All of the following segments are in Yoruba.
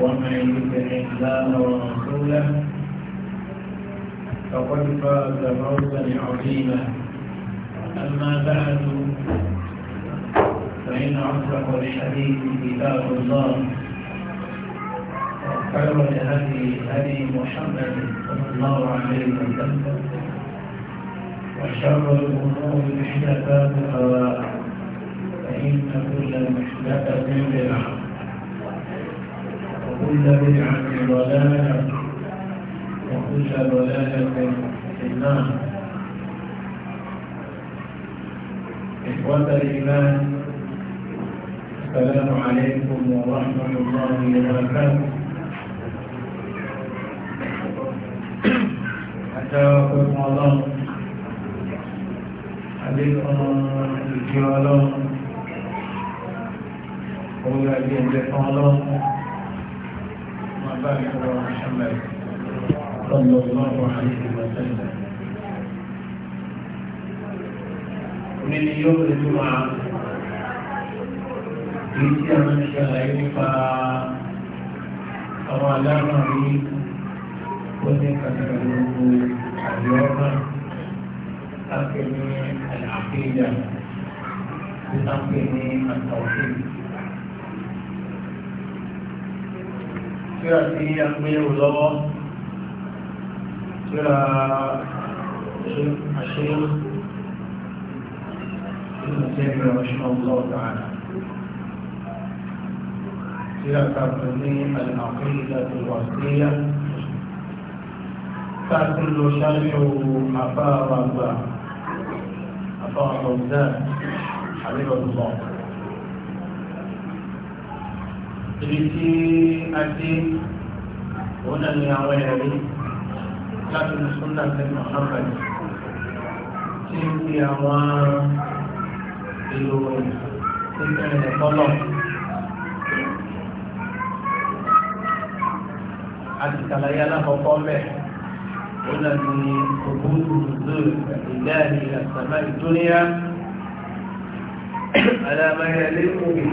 ومن يطع الله ورسوله فقد فاز فوزا عظيما اما بعد فان اصدق الحديث كتاب الله وخير الهدي هدي محمد صلى الله عليه وسلم وشر الامور محدثاتها فان كل محدثه بدعه وكل بدعة ضلالة وكل ضلالة في النار إخوة الإيمان السلام عليكم ورحمة الله وبركاته أتاكم الله عليكم الجلال قول أبي الله بارك على محمد صلى الله عليه وسلم من يوم الجمعة في من شهر فأوالا معي وذلك تكلمه اليوم أكلني العقيدة بتقديم التوحيد síra tí a pín ẹ̀rù lọ́wọ́ síra àṣírí ìrìnàṣẹ́ ìrìnàṣẹ́ ọlọ́wọ́ dáadáa síra tàbí ní àlàkíyà tó wà síyá tàbí lọ ṣáṣọ àbá àbàgbà àbá àbàgbà àbẹ́rọ̀ lọ́wọ́ ibi tí a dé òun náà ni àwọn ẹ̀rí láti mùsùlùmí àti mùsùlùmí tí ń fi àwọn èlò ìpínlẹ̀ ẹ̀kọ́lọ̀ àti kàlàyé alákọ̀ọ́kọ́ mẹ́ òun náà ni ògùn ìdúró ìdá ìlàsàmá ìdúnìyà alámẹ́rẹ́ lẹ́kùnrin.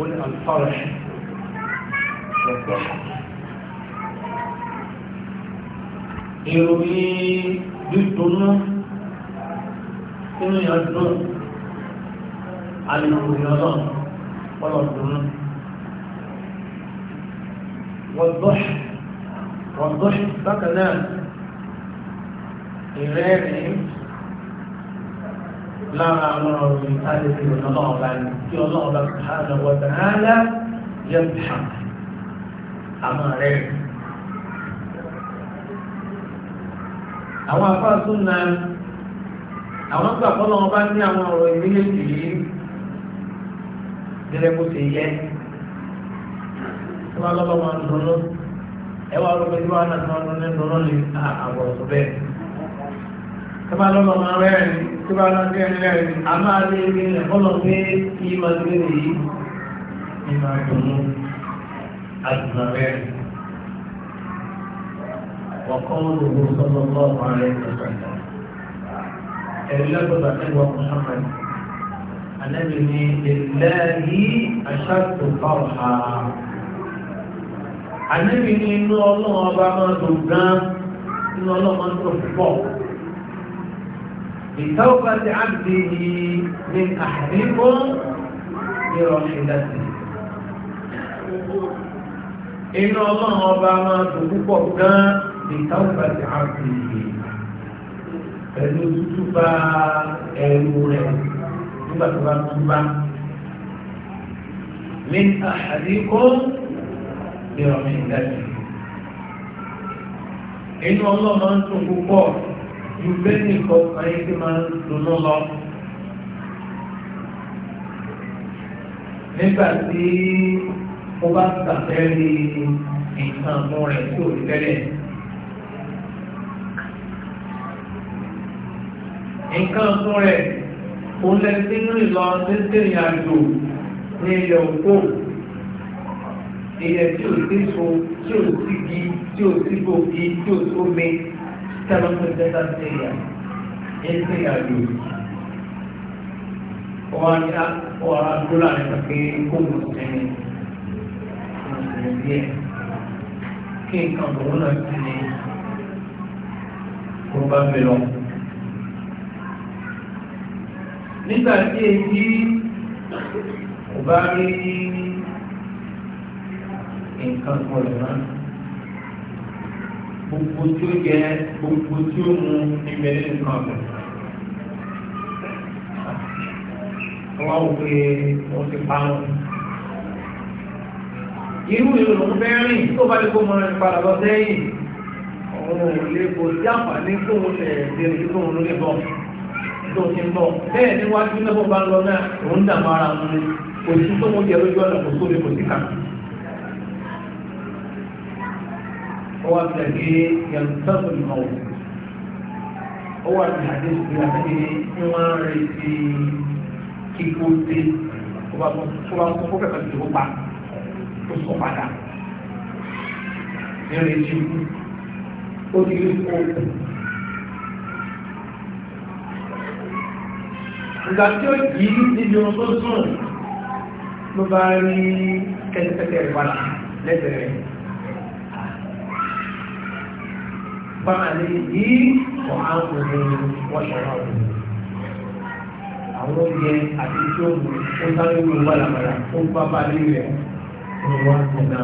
كل الفرش يروي بالدنة كنو يردون على المريضة ولا الدنة والضح والضح بكنا إغاني lára àwọn ọ̀rọ̀ ìtàlẹ̀ sí ọlọ́ọ̀bá ni kí ọlọ́ọ̀bá sàánà wọ́ta hálà yẹ bá àmọ́ rẹ̀. àwọn afá tó na àwọn gbà kọ́ lọ́wọ́ bá ní àwọn ọ̀rọ̀ ìmílẹ̀sì yìí gẹ́gẹ́ bó ṣe yẹ tí wọ́n lọ́wọ́ máa ń ẹwà rẹ̀ pé tí wọ́n á lè ta àwọn ọ̀sọ̀ bẹ́ẹ̀ tọ́bá lọ́lọ́ máa rẹ́rìn tó bá lọ́dí ẹni rẹ́rìn a máa lé ní ẹ̀kọ́lọ̀ pé kí máa gbé nìyí ní máa dùnú àdùnà rẹ́rìn ọ̀kan gbogbo sọ́lọ́ bọ́ ọ̀kan rẹ̀ tọ́sọ̀tọ̀ ẹ̀rí lọ́gbọ̀dọ̀ ẹ̀wọ̀ Muhammad anábì ní ìlẹ́ẹ̀rí aṣáàtò fáwọ̀há anábì ní inú ọlọ́run ọba máa dùn gan inú ọlọ́run máa dùn púpọ̀ بتوبة عبده من أحدكم برحلته إن الله أبعما تبقى كان بتوبة عبده pẹ̀lú túbà ẹ̀rù rẹ̀ nígbà tó bá túbà من أحدكم برحلته إن الله أنتم تبقى ju bẹ́ẹ̀ni kọ̀ọ̀kan yìí ti máa ń dunú lọ. nígbà tí mo bá sàfẹ́rí nǹkan mọ́ rẹ̀ tí ò rí tẹ́lẹ̀. nǹkan mọ́ rẹ̀ kò lẹ sínú ìlọ nítorí àjò ní ilẹ̀ òkú ilẹ̀ tí ò sí so tí ò sí gi tí ò sí gòkì tí ò sí omi seven percent area ẹsẹ ìyàgbé wọn ni wọn adúlá ní pàpẹ kóòmù ẹni mùsùlùmí díẹ̀ kí nǹkan tòun náà ti ní kó bá mi lọ. nígbà tí èyí kò bá rí nǹkan kan lè máa gbogbo tí ó jẹ gbogbo tí ó mu ìgbẹ́ nínú kan ọ̀gbẹ́. wọ́n wò pé wọ́n ti pa wọn. irú ìlú ló ń fẹ́ rìn tó bá lè kó mọ rìn padà lọ sẹ́yìn òun ò lè kò sí àǹfààní fóun ẹ̀ ṣe ojú tóun ló lè bọ̀ tó ti ń bọ̀ bẹ́ẹ̀ níwájú náà bó bá ń lọ náà òun dààmú ara wọn kò sí tó mú jẹ lójú ọ̀nà kò sóbi kò sí kàkà. هو الذي ينتظر الموت هو الحديث الذي يمارس كيكوتي هو مصطفى الجوبة مصطفى يريد أدري ìgbà tí ó yìí níbi ohun tó sùn ló bá rí kẹ́tẹ́kẹ́tẹ́ rẹ̀ padà فعليه طعامه وشرابه àwọn oúnjẹ àti tí ó mú ó sáré wù wàlàmàlà ó bá bá lé rẹ ní wọn kò náà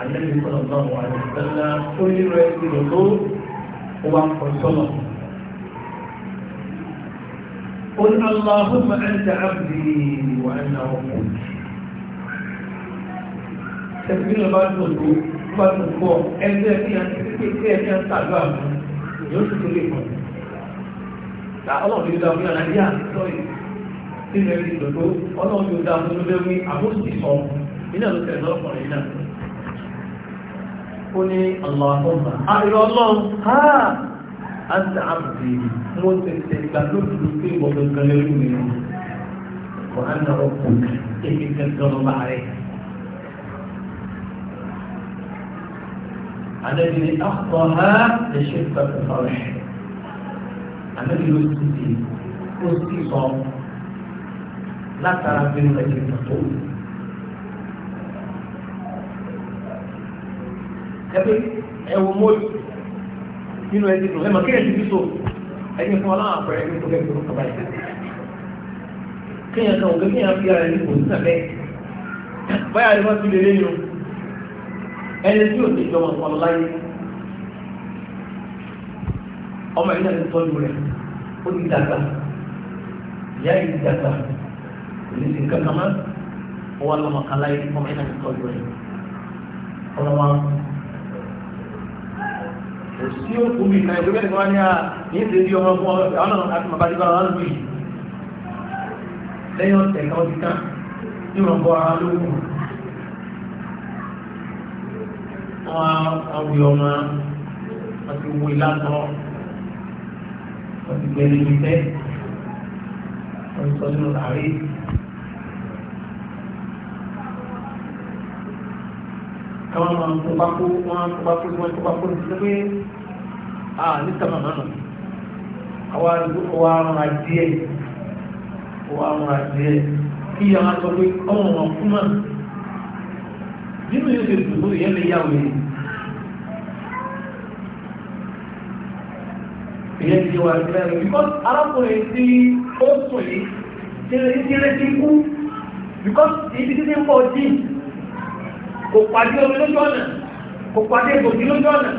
àlejò sọlọ náà wà ní ìgbàlá ó ní rẹ ìlò tó ó wà kọ sọlọ. ó ní aláhùnmá ẹ̀ ń tẹ àbùdí wà ẹ̀ náà wọ̀. tẹ̀síwìlì bá tó tó gbọ́dọ̀ gbọ́ ẹgbẹ́ bí a ti rí pé kí ẹ̀ka ń tàlú àmọ́ yóò sì tún lè pọ̀ ta ọlọ́run yóò dá fún yàrá yá sọ́yì tí mo rí ìdòdó ọlọ́run yóò dá fún lóbẹ́ wí àmóṣì sọ nínú àwọn tẹ̀lé ọkùnrin náà ó ní ọlọ́ọ̀tọ́mà àìrọ̀ ah, ọlọ́run ha á ti àbùdí mo tẹ̀sẹ̀ gbà lóṣù pé ìwọ̀n gangan lẹ́rú mi kò á nà ọkùnrin èmi tẹ̀sẹ̀ ọlọ́ba rẹ̀ àdẹ́bí ní àpọ̀ ha lè ṣe pẹ̀lú ọ̀rẹ́ àdẹ́bí ló ti di ó sì sọ látara pé ó ti tó. ẹbí ẹwọ mọ́lù nínú ẹni tó ẹ mọ̀ kí ẹ ti fi so ẹni fún ọlọ́run àpẹẹrẹ ní ìpínlẹ̀ ìpínlẹ̀ kọba yìí kéèyàn kan òkè kéèyàn fi ara ẹni kò sí sàbẹ́ báyà ni wọ́n ti lè lé yìí o ẹni tí yóò ti jọ wọn kọlọ láyé ọmọ yìí náà ti tọ́jú rẹ̀ ó ti dàgbà ìyá yìí ti dàgbà kò ní sí nǹkan kan mọ́ ó wà lọ́mọ kan láyé ọmọ yìí náà ti tọ́jú rẹ̀ ọlọ́mọ òsì òkú mi náà ìgbẹ́ nìkan wá ní à ní ìdílé ọmọ fún ọmọ àwọn àti màbá dígbà wọn lù yìí lẹ́yìn ọ̀sẹ̀ kan ó ti kàn ní ìrànbọ̀ ara lóògùn wọ́n wí ọmọ wọ́n ti wí látọ̀ wọ́n ti gbé níbi tẹ́ wọ́n ti sọ nínú sàárè. káwọn máa ń tó bá kó wọn tó bá kó wọn tó bá kó ní pé a ní sábà máa nà àwa àdúgbò wa rọra díẹ̀ wa rọra díẹ̀ kí yàrá sọ pé ọmọ wọn kú mọ́ nínú yóò ṣe dùn lórí yẹn lè ìyẹn ti wà nílẹ̀ rẹ̀ because arákùnrin tí ó sùn yìí kéré ti kú because ibi títí ń bọ̀ dì kò pàdé omi lójú ọ̀nà kò pàdé ìbòjì lójú ọ̀nà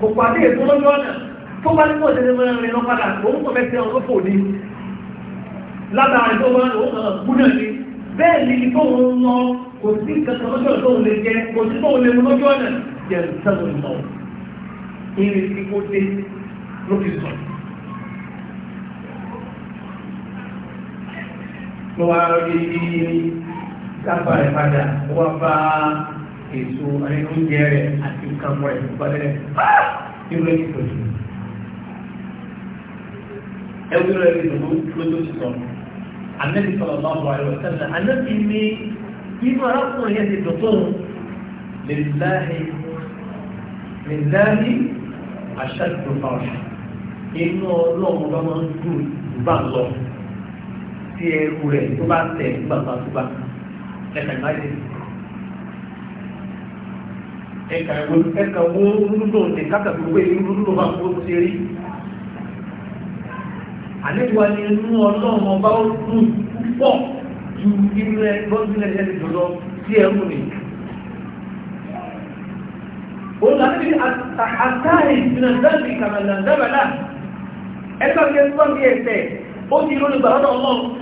kò pàdé èso lójú ọ̀nà tó bá ní kò tẹ́lẹ̀ mọ́ rẹ̀ lọ padà òun kò mẹ́tẹ́ ọ̀rọ̀ fò ní látàrí tó bá lòun kan gbúdọ̀ ní bẹ́ẹ̀ ni tó ń lọ kò sí kankan lójú ọ̀nà tó ń lè jẹ kò sí tó ń lè mú lójú ọ̀nà jẹ̀rù sẹ́wọ̀n lọ ìrìn tí dé ló sọ̀rọ̀ tó wá rí kápá rẹ̀ padà ó wá bá èso ẹni oúnjẹ rẹ̀ àti nǹkan mọ́ ẹ̀ tó bá lẹ́rẹ̀ bá irú ẹ̀ tó tó ẹwú irú ẹ̀ tó tó tó sọ anẹ́bí sọ̀rọ̀ bá wà lọ sẹ́lẹ̀ anẹ́bí ní inú arákùnrin yẹn ti dùn tó lè láàyè lè láàyè àṣà ìdòfà ọ̀ṣà inú ọlọ́run bá máa ń dùn bá lọ tí ẹrù rẹ̀ tó bá tẹ̀ gbàgbàgbà ẹ̀ka ìmáyé ẹ̀ka ìwé ẹ̀ka wo rúdùn ní kákàtí owó èyí rúdùn bá kó ti rí àlejò ni inú ọlọ́run ọba ó dùn púpọ̀ ju inú ẹ lọ́dún ẹ̀jẹ̀ ti dùn lọ sí ẹrù ni. Olùdarí àtàrí ìgbìyànjú kàmẹ́lẹ̀ ń dábàá náà ẹgbẹ́ kí ẹ gbọ́ bí ẹsẹ̀ ó ti lórí gbàgbọ́ náà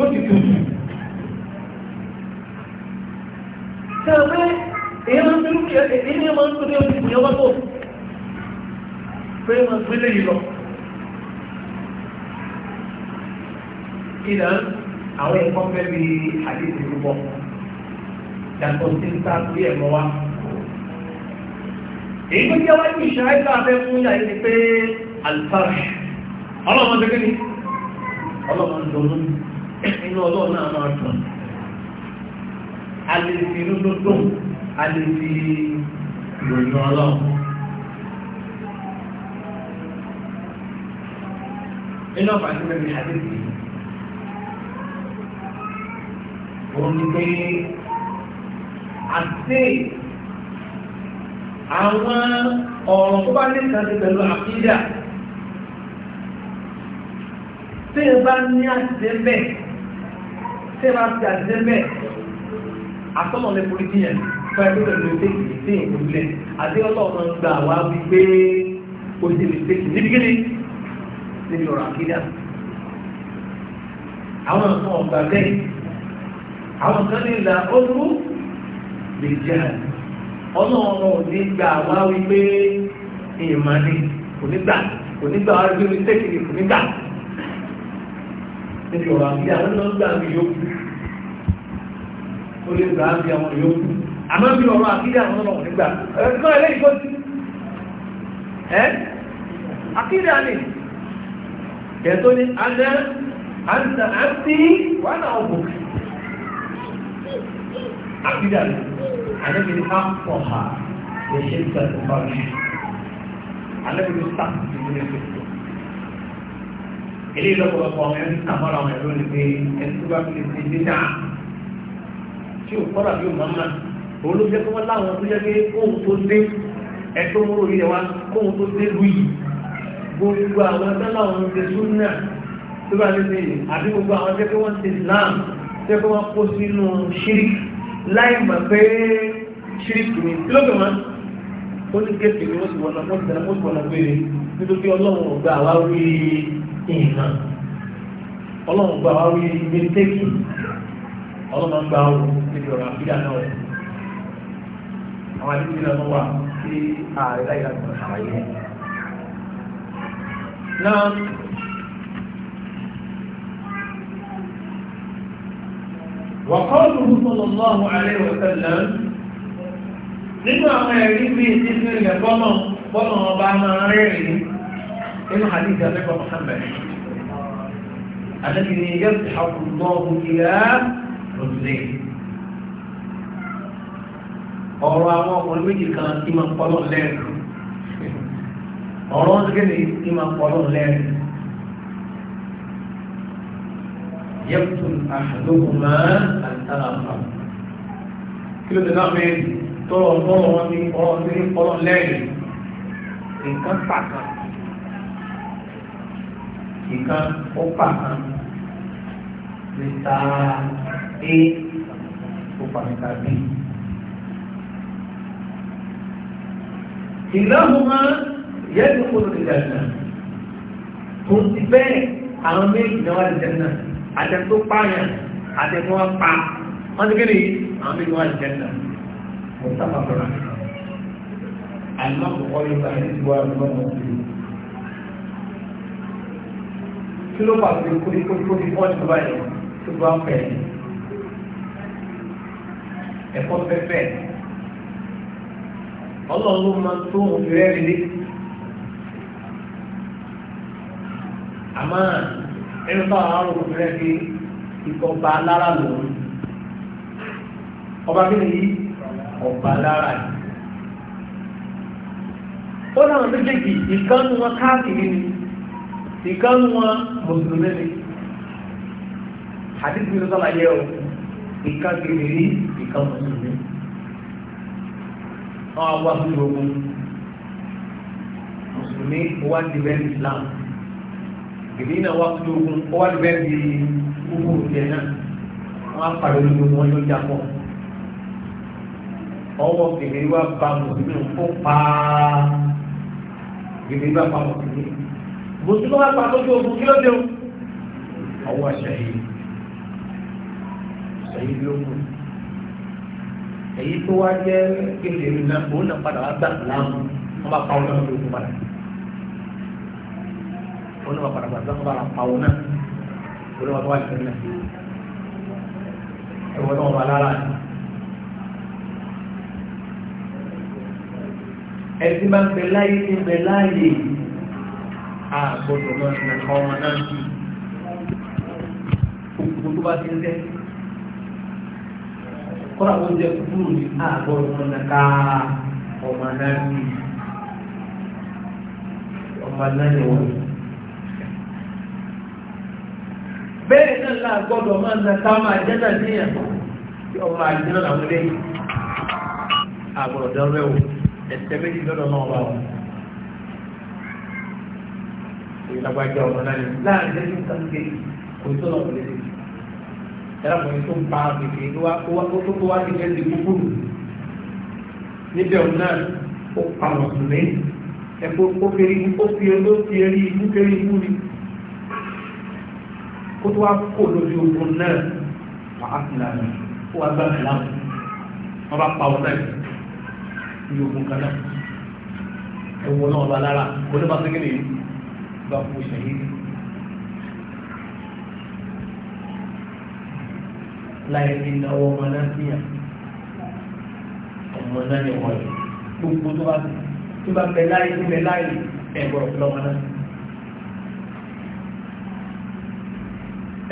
yóò ti tutù. ṣé o pé èyí máa ń fi lùkì èyí ni máa ń tó ní oṣù tó yọwọ́ tó pé máa gbé léyìí lọ. ìdáhùn àwọn ẹ̀kọ́ fẹ́ bí àdéhùn rúbọ yàtọ̀ sí ń ta sí ẹ̀rọ wa. èyí tó jẹ́ wáyé ìṣẹ́ àìsàn fún yàrá ni pé alfarsh ọlọ́run kí ni ọlọ́run ọdún inú ọlọ́run náà máa dùn a lè fi inú tó dùn a lè fi ìròyìn ọlọ́run. inú ọ̀fà tí mo fi àdébì òun ni pé àti àwọn ọ̀rọ̀ tó bá ní ìkànnì pẹ̀lú àfíjà tí ẹ bá ní àtẹ́bẹ̀ẹ́ tẹ́ máa ti àjẹ́ mẹ́ àtọ́nà lè forí díyàn fún ẹgbẹ́ pẹ̀lú ìtẹ́kì sí ìpínlẹ̀ àdéhọ́lọ́ ọmọ gbà wá wípé ó ti lè tẹ́kì níbi kíni níbi ọ̀rọ̀ àkídá àwọn nǹkan ọ̀gbà bẹ́ẹ̀ àwọn kan ní ìlà ọdún lè jẹ́ ọlọ́run ò ní gbà wá wípé ìmọ̀ ni kò ní gbà kò ní gbà wá wípé ó ti tẹ́kì kò ní gbà níbi ọ̀rọ̀ àti àwọn náà gbà mí yóò kú ó lè gbà mí àwọn yóò kú àmọ́ bí ọ̀rọ̀ àti àwọn náà wọ̀n nígbà ẹ̀kọ́ ilé ìkọ́ sí ẹ́ akéde àlè ẹ̀tọ́ ni àná àǹtà àǹtí wà náà ọ̀bùn akéde àlè àdébí ni àpọ̀ ha lè ṣe ìtàn ìfọ̀rọ̀ àdébí ni sáà ti ní ẹ̀fẹ̀ ilé ìlọ́pọ̀lọpọ̀ ọmọ ẹni sàmọ́ra ọmọ ẹ̀rọ ni pé ẹni tó bá fi lè ṣe dídá tí ò kọ́ra bí òun máa òun ló jẹ́ pé wọ́n láwọn tó jẹ́ pé kóhun tó dé ẹ̀tọ́ mú orí ẹwà kóhun tó dé lu yìí gbogbo àwọn ẹgbẹ́ láwọn ti súnà tó bá lè ṣe àbí gbogbo àwọn jẹ́ pé wọ́n ti Islam jẹ́ pé wọ́n kó sínú ṣíríkì láì mọ̀ pé ṣíríkì ni kí ló gbẹ̀mọ́ ó ní kéèkì ni ó sì wọ́n lọ fún ìtẹ̀lẹ́mọ́sí wọn lọ nǹkan ọlọ́run gba wa wí mistake ọlọ́run gba wa níbi ọ̀rọ̀ àbídà náà rẹ̀ àwọn àdúgbò náà wà sí ààrẹ láyé láti mọ̀ àlàyé náà وقوله صلى الله عليه وسلم nínú àwọn ẹ̀rí bíi títí ilẹ̀ bọ́mọ̀ ọba máa rẹ́rìn إن حديث أبي محمد الذي يفتح الله إلى رزقه أوراق والمجلس كان إما قلوب لين أوراق كذي إما قلوب لين يقتل أحدهما الآخر كل ده نعمل ترى الله وانتي قلوب لين قلوب لين إن فاكر ìkan ó pa kan mẹ́ta a ó pa mẹ́ta b. ìlànà yẹ́nì kúrò nígbàdàn tó ti bẹ́ẹ̀ àwọn méjì náà wà ní jẹ́nà àtẹ̀tó pààyàn àtẹ̀tó wọn pa wọ́n ti kéde àwọn méjì wà ní jẹ́nà mo sábà fọ́ra. àlọ́ kọ̀ọ̀kan yóò bá ẹni tí wọ́n á lọ́wọ́ sí i. kí ló pàṣẹ kóríkóríkó ní pọ́ńtù báyìí tó bá pẹ̀ ẹ̀kọ́ pẹ́pẹ́ ọlọ́run máa tó òun fi rẹ́rìn lé àmọ́ ẹni bá àárò òun rẹ́ fi ìkọ̀ọ̀bà lára lòun ọba kí ni yí ọba lára yìí ó náà ìkànnì wọn káàkiri ni. ìkan wọn mùsùlùmí ni àti tí wọn sọlá yẹ o ìkan kiri ìkan mùsùlùmí wọn wá fún ogun mùsùlùmí wá di bẹ́ẹ̀ islam kiri náà wá fún ogun wá di bẹ́ẹ̀ di kúkú jẹ náà wọn apàdé lójú wọn yóò já pọ̀ ọwọ́ kiri wá ba mùsùlùmí kó pa kiri wá pa mùsùlùmí mùsùlùmí wá pa lójú ogun kí ló dé o ọwọ́ ṣẹ̀yìn ṣẹ̀yìn ló mú èyí tó wá jẹ́ kéde mi náà òun náà padà wá gbà láàmú wọ́n bá pa ọ́ náà lójú ogun padà òun náà padà gbà wọ́n bá pa ọ́ náà òun náà wá ṣẹ̀yìn náà ẹ̀wọ̀n náà wà lára ni. ẹ̀sìn máa ń bẹ láyé ń bẹ láyé. àgbọ̀dọ̀ mọ́ ìrìnàkọ́ ọmọ náà sí gbogbo bá ti ń tẹ́ kọ́ra oúnjẹ kúrò ní àgbọ̀dọ̀ mọ́ ọmọ náà ọmọ náà ni wọ́n. bẹ́ẹ̀ náà gbọ́dọ̀ máa ń tí ọmọ ẹ̀sẹ̀ méjì lọ́dọ̀ náà wà wọ́n. ìlàgbàjọ ọ̀nà náà ni láàrin ìdẹ́jú nǹkan ṣe kò tó lọ́wọ́ lé lẹ́yìn ẹlẹ́kùnrin tó ń pa kèké tó tó wá kékeré ti kúkú níbẹ̀ ọ̀nà náà ó pa ọ̀sùn ní ẹ̀kọ́ ó kéré ó fi ó fi eré ikú kéré ikú ni kó tó wá kó lórí ogun náà wà á fi lànà ó wá gbà mí láwùjọ wọn bá pa ọ̀nà yìí ní ogun kan náà ẹ̀wọ̀n náà ọba lára onímọ̀ sí kí nìyí. ضربه شهيد لكن هو منافيا ومنافيا غير ثم بطرات ثم بلاي ثم بلاي يقول لك لو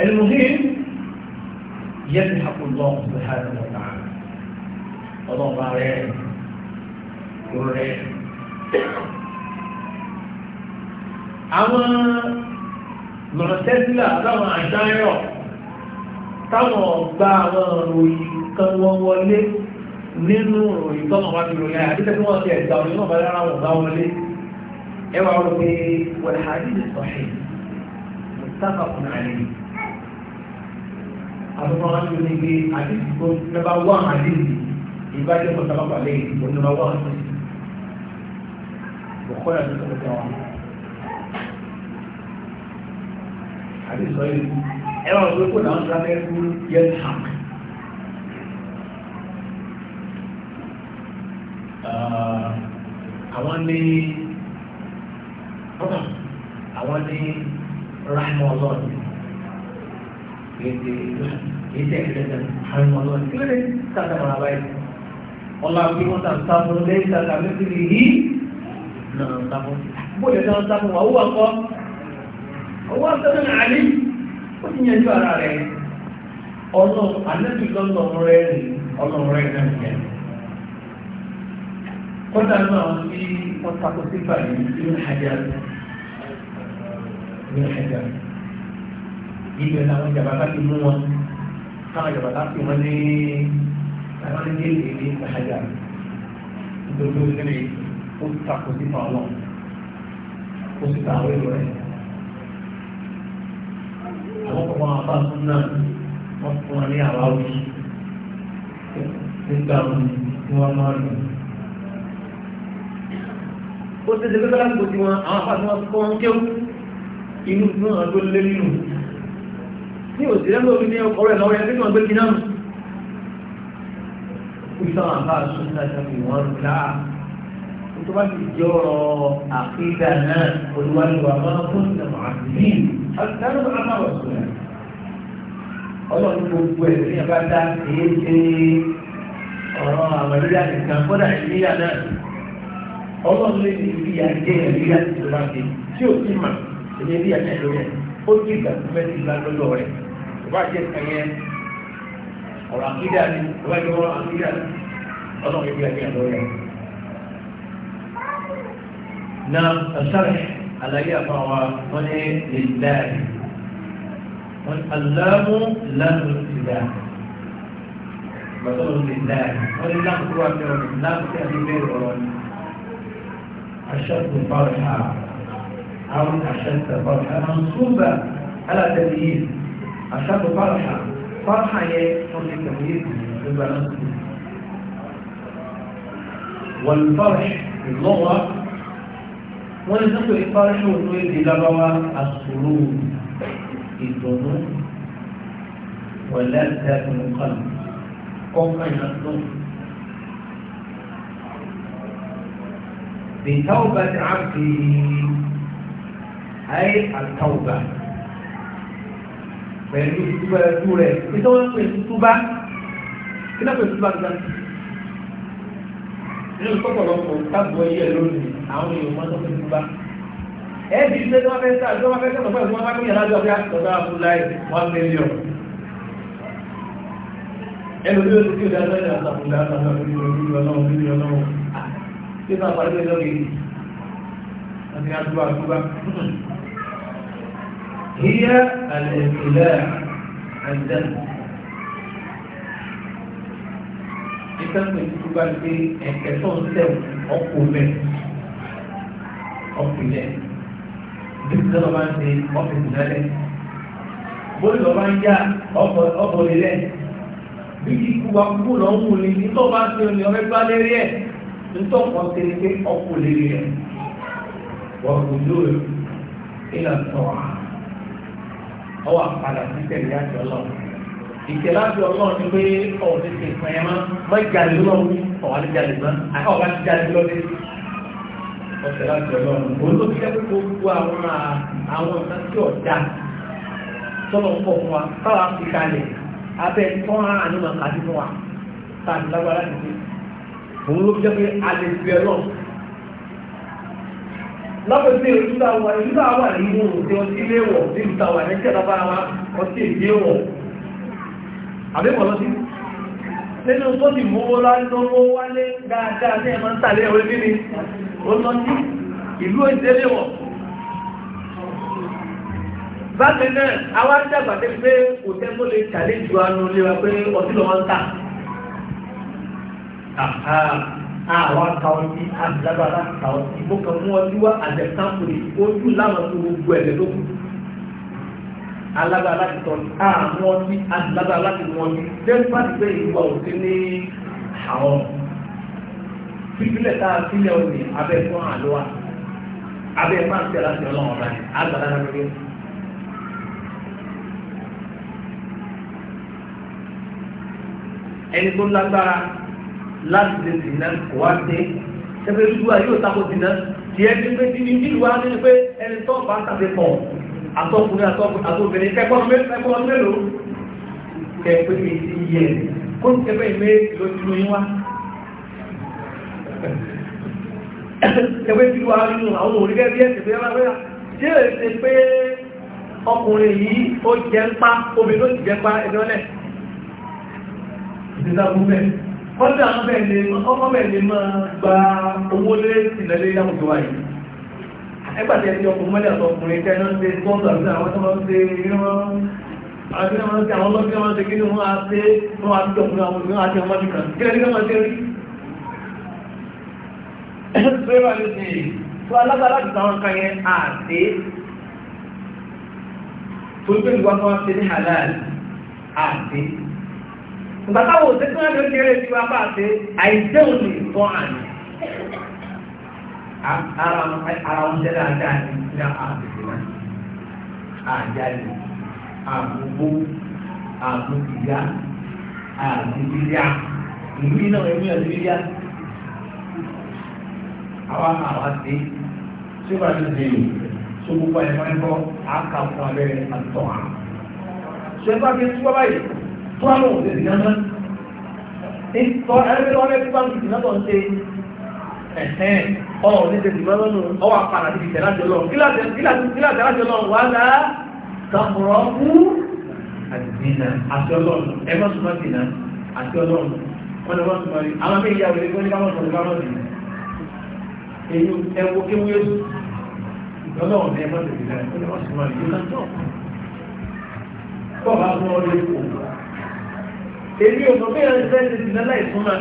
المهم يلحق الله سبحانه وتعالى وضع الله عليه يقول àwọn mọ̀tẹ́sílà àtàwọn àṣáyọ̀ táwọn ọgbà àwọn òyìn kan wọn wọlé nínú òyìn tọ́nà wá ti ròyìn àti tẹ́tí wọ́n ti ẹ̀dá òyìn náà bá lára wọn bá wọlé ẹwà rò pé wọ́n lè hàdí ní sọ̀hìn mùtáfà kùn àlè àtúntò wọn ti ní pé àdìsí tó nọmba wán àdìsí ìbájẹ́ mọ̀tàbà pàlẹ́ ìdìbò nọmba wán àdìsí. Bùkọ́lá ti sọ̀rọ̀ jẹ́ wọn. àti sọ yìí ẹwà òṣèré kò náà ń sáfẹ́ fún yẹn tàk ah, àwọn ní àwọn ní rahma ọlọ́ọ̀dì kéde kéde ẹ̀ẹ́dẹ́gbẹ̀rún rahma ọlọ́ọ̀dì kílódé sáfẹ́ wọn abáyé ọlọ́run bí wọ́n tàn sáfún sáfún lẹ́yìn sáfún lẹ́yìn náà sáfún bóyá sáfún wa ó wà kọ́ ọwọ́ sẹ́dọ̀ ní àlè ó ti yẹn ju ara rẹ̀ ọ̀nà àlẹ́bí lọ́nà rẹ̀ ọ̀nà rẹ̀ náà yẹn. kọ́dà náà sí wọ́n takò sí báyìí nínú àjà nínú àjà ibẹ̀ làwọn jàbàtà ti mú wọn káwọn jàbàtà ti wọn ní àwọn ní kéèké ní àjà nítorí ó ti takò sí fún ọlọ́run ó sì ta àwọn èrò rẹ̀ àwọn ọmọ àbá súnà wọn fún wọn ní àwáwí nígbà wọn ni wọn máa lò. ó ti ṣe pé bẹ́ẹ̀ láti wọn àwọn àbá tí wọn kọ́ ń kéwú inú náà ló lé nínú. ní òṣèré lórí ní ọkọ rẹ lọ́wọ́ yẹn pé gbé kí náà. ó sọ àbá súnà sábì wọn dá tó bá ti jọ ọ̀rọ̀ àkídà náà olùwàlúwà máa fún ìdàmọ̀ àbíyí ọ̀sán ló máa wọ̀ sùn ọlọ́run gbogbo ẹ̀ ní ẹ̀bá dá èyí ṣe ọ̀rọ̀ àmàlúyà nìkan kọ́dà ìníyà náà ọlọ́run lè ní ibi àjẹ́ ìrírí àti ìjọba ṣe tí ò sí mà èyí ìrírí àjẹ́ ìjọba ó ti gbà tó fẹ́ ti gbà lọ́dọ̀ rẹ̀ ìbá jẹ́ kẹyẹ ọ̀rọ̀ àkídà ni ìbá jẹ́ ọ̀rọ̀ àkídà ọlọ́run ibi àjẹ́ ìjọba rẹ̀. na ṣàlẹ̀ عليه تواصله لله والألام لم ابتداء مثل لله ولله هو من لم تأتي به أشد فرحة أو أشد فرحة منصوبة على تمييز أشد فرحة فرحة هي تصلي تمييز والفرح في اللغة wọ́n lè sọ́kò ipá ṣò ní èdè lábáwá àṣòro ìdùnnú wọ̀lẹ́ àti àtúnkan ọkàn ìrìnàjò. بتوبة عبده أي التوبة pẹ̀lú ìtúbà ẹ̀dú rẹ̀ nítorí wọ́n pè ní túbá kí náà pè ní túbá nígbà nínú pọ̀pọ̀lọpọ̀ tábọ̀ yẹ lónìí àwọn èèyàn máa ń tọ́pẹ́ tó bá. ẹ bí ṣe tí wọ́n fẹ́ sáà tí wọ́n fẹ́ sọ̀tọ̀ fún wọn fẹ́ lájọ́ pé àtọ̀dá fúláì one million. ẹ lórí oṣù tí ó dájọ́ ìjà àtàkùnlé àtàkùnlé mílíọ̀nù mílíọ̀nù tí wọ́n parí ẹjọ́ kejì àti àdúrà àdúrà. هي الابتلاع عندنا ìtẹ́sùn ìdúró bá gbé ẹ̀kẹ́ tó ń tẹ̀ ọkọ̀ mẹ́ ọkọ̀ ilẹ̀ bíbí lọ́wọ́ bá ń ṣe ọkọ̀ ìdúnálẹ̀ bóyá lọ́wọ́ bá ń yá ọkọ̀ ilẹ̀ bíbí ìkúwa kúkú lọ́ ń wù ní nítorí wọ́n bá ń ṣe omi ọmọ ẹgbẹ́ lérí ẹ̀ nítorí wọ́n ṣe ni pé ọkọ̀ lérí ẹ̀ wọ́n kò lóore ìlànà ọ̀wà padà sí tẹ̀lé àti ọlọ́run ìṣe láti ọlọ́run ni pé ọ̀hún ti ṣe ìpín ẹ̀mọ́ mọ́ ìjàlè lọ́wọ́ ọ̀hún ti jàlè mọ́ àkọ́ ọ̀gá ti jàlè lọ́dẹ. ọ̀sẹ̀ láti ọlọ́run òun ló fi jẹ́ gbogbo àwọn àwọn nǹkan tí ọ̀dà tọ́lọ̀ pọ̀ fún wa táwa fi kalẹ̀ abẹ́ tọ́ra ànímọ̀ kàdí fún wa táàbí lágbára ti dé. òun ló fi jẹ́ pé a lè fi àbẹ́kọ̀ lọ sí nínú tó ti mówó lọ́wọ́ wálé dáadáa ní ẹ̀mọ́ ń tàlé ẹ̀wẹ́ nínú ó lọ sí ìlú ìdẹ́lẹ̀ wọ̀ bákan náà àwọn àjàgbà tẹ́ pé kò tẹ́ kó lè tàlé ju anú léwa pé ọtí lọ́wọ́ ń tà àwọn àkàwọn tí àbìlágbára àkàwọn tí mo kàn mú ọtí wá àjẹsáfòrè ojú láwọn tó gbogbo ẹ̀lẹ́ tó kù alágbára láti tọ́ ní àmú ọtí alágbára láti mú ọtí dẹ́gbà ti pé ìwà òsín ní àwọn fífílẹ̀ tá a fílẹ̀ ò ní abẹ́ fún àlọ́wà abẹ́ máa ń tẹ̀ láti ọlọ́run ọba ní agbára lágbègbè. ẹni tó lágbára láti lè dìnnà kò wá dé ṣẹ́fẹ́ wíwá yóò tako dìnnà tiẹ́ ní pé dídí ìlú wa ní pé ẹni tó bá tàbí pọ̀ atọ́kùnrin atọ́bìnrin kẹ́kọ́ mẹ́lòó kẹ́kọ́ mi ti yẹ kó ní kẹ́kọ́ ìmẹ́ ìlòtìlò yín wá kẹ́kọ́ ìlú wa nínú àwọn òrìgẹ́ bí ẹ̀sẹ̀ pé wáyá tí ó ṣe pé ọkùnrin yìí ó jẹ́ ń pa obìnrin ó sì jẹ́ pa ẹjọ́ lẹ̀ kọ́dà ọmọ bẹ̀rẹ̀ lè máa gba owó lé ìlẹ́lẹ́ ìyàwó ẹgbàtí ẹni ọkùnrin mẹ́lẹ̀ ọkùnrin tẹ́ náà ń ṣe sponsor àti àwọn tó máa ń ṣe ìrìnwọ̀n àti àwọn tí àwọn ọlọ́gbẹ́ wọn ṣe kí ni wọ́n á ṣe wọ́n á fi ọkùnrin àwọn obìnrin àti ọmọ nìkan kí ẹni kan máa ṣe rí. ṣéwà ló ṣe tó alágbára ti sáwọn kan yẹn àti torí pé ìwà kan ṣe ní halal àti ìgbà táwọn òṣèlú náà ló kéré sí wa bá ṣe àìjẹun nìkan àná ara wọn jẹ́ dáadáa ní ìlà àbẹ̀rẹ̀ náà àjálù àgbogbo àgbòkìyà àgbègbèlíà ìlú náà ẹ̀mí ọ̀dẹ́gbèlíà àwa àwa sí tí ó bá ti dè yìí tó gbogbo ẹ̀ máa ń kọ́ àkàkùn abẹ́rẹ́ àtọ̀ hàn. ṣé bá fi tú bábá yìí tó àwọn òṣèlú náà ń tọ́ ẹgbẹ́ lọ́wọ́ ẹgbẹ́ bá ń tì náà tó ń ṣe ọ̀rọ̀ ní tẹ̀sí mọ́ lọ́nu ọwọ́ àpàdà ti tẹ̀ láti ọlọ́run kíláàtẹ̀ láti ọlọ́run wà láà kàmùrọ̀ mú àdìdìnà àti ọlọ́run ẹ má súnmọ́ dìnà àti ọlọ́run wọn ni wọ́n súnmọ́ rí àwọn abẹ́ ìyá wẹ̀rẹ̀ wọ́n ní káwọn sọ̀rọ̀ káwọn dìnà èyí ẹwọ kéwú yéṣu ọlọ́run ẹ má tẹ̀sí náà wọ́n ni wọ́n súnmọ́ rí yóò lọ́tọ̀ bọ́ọ̀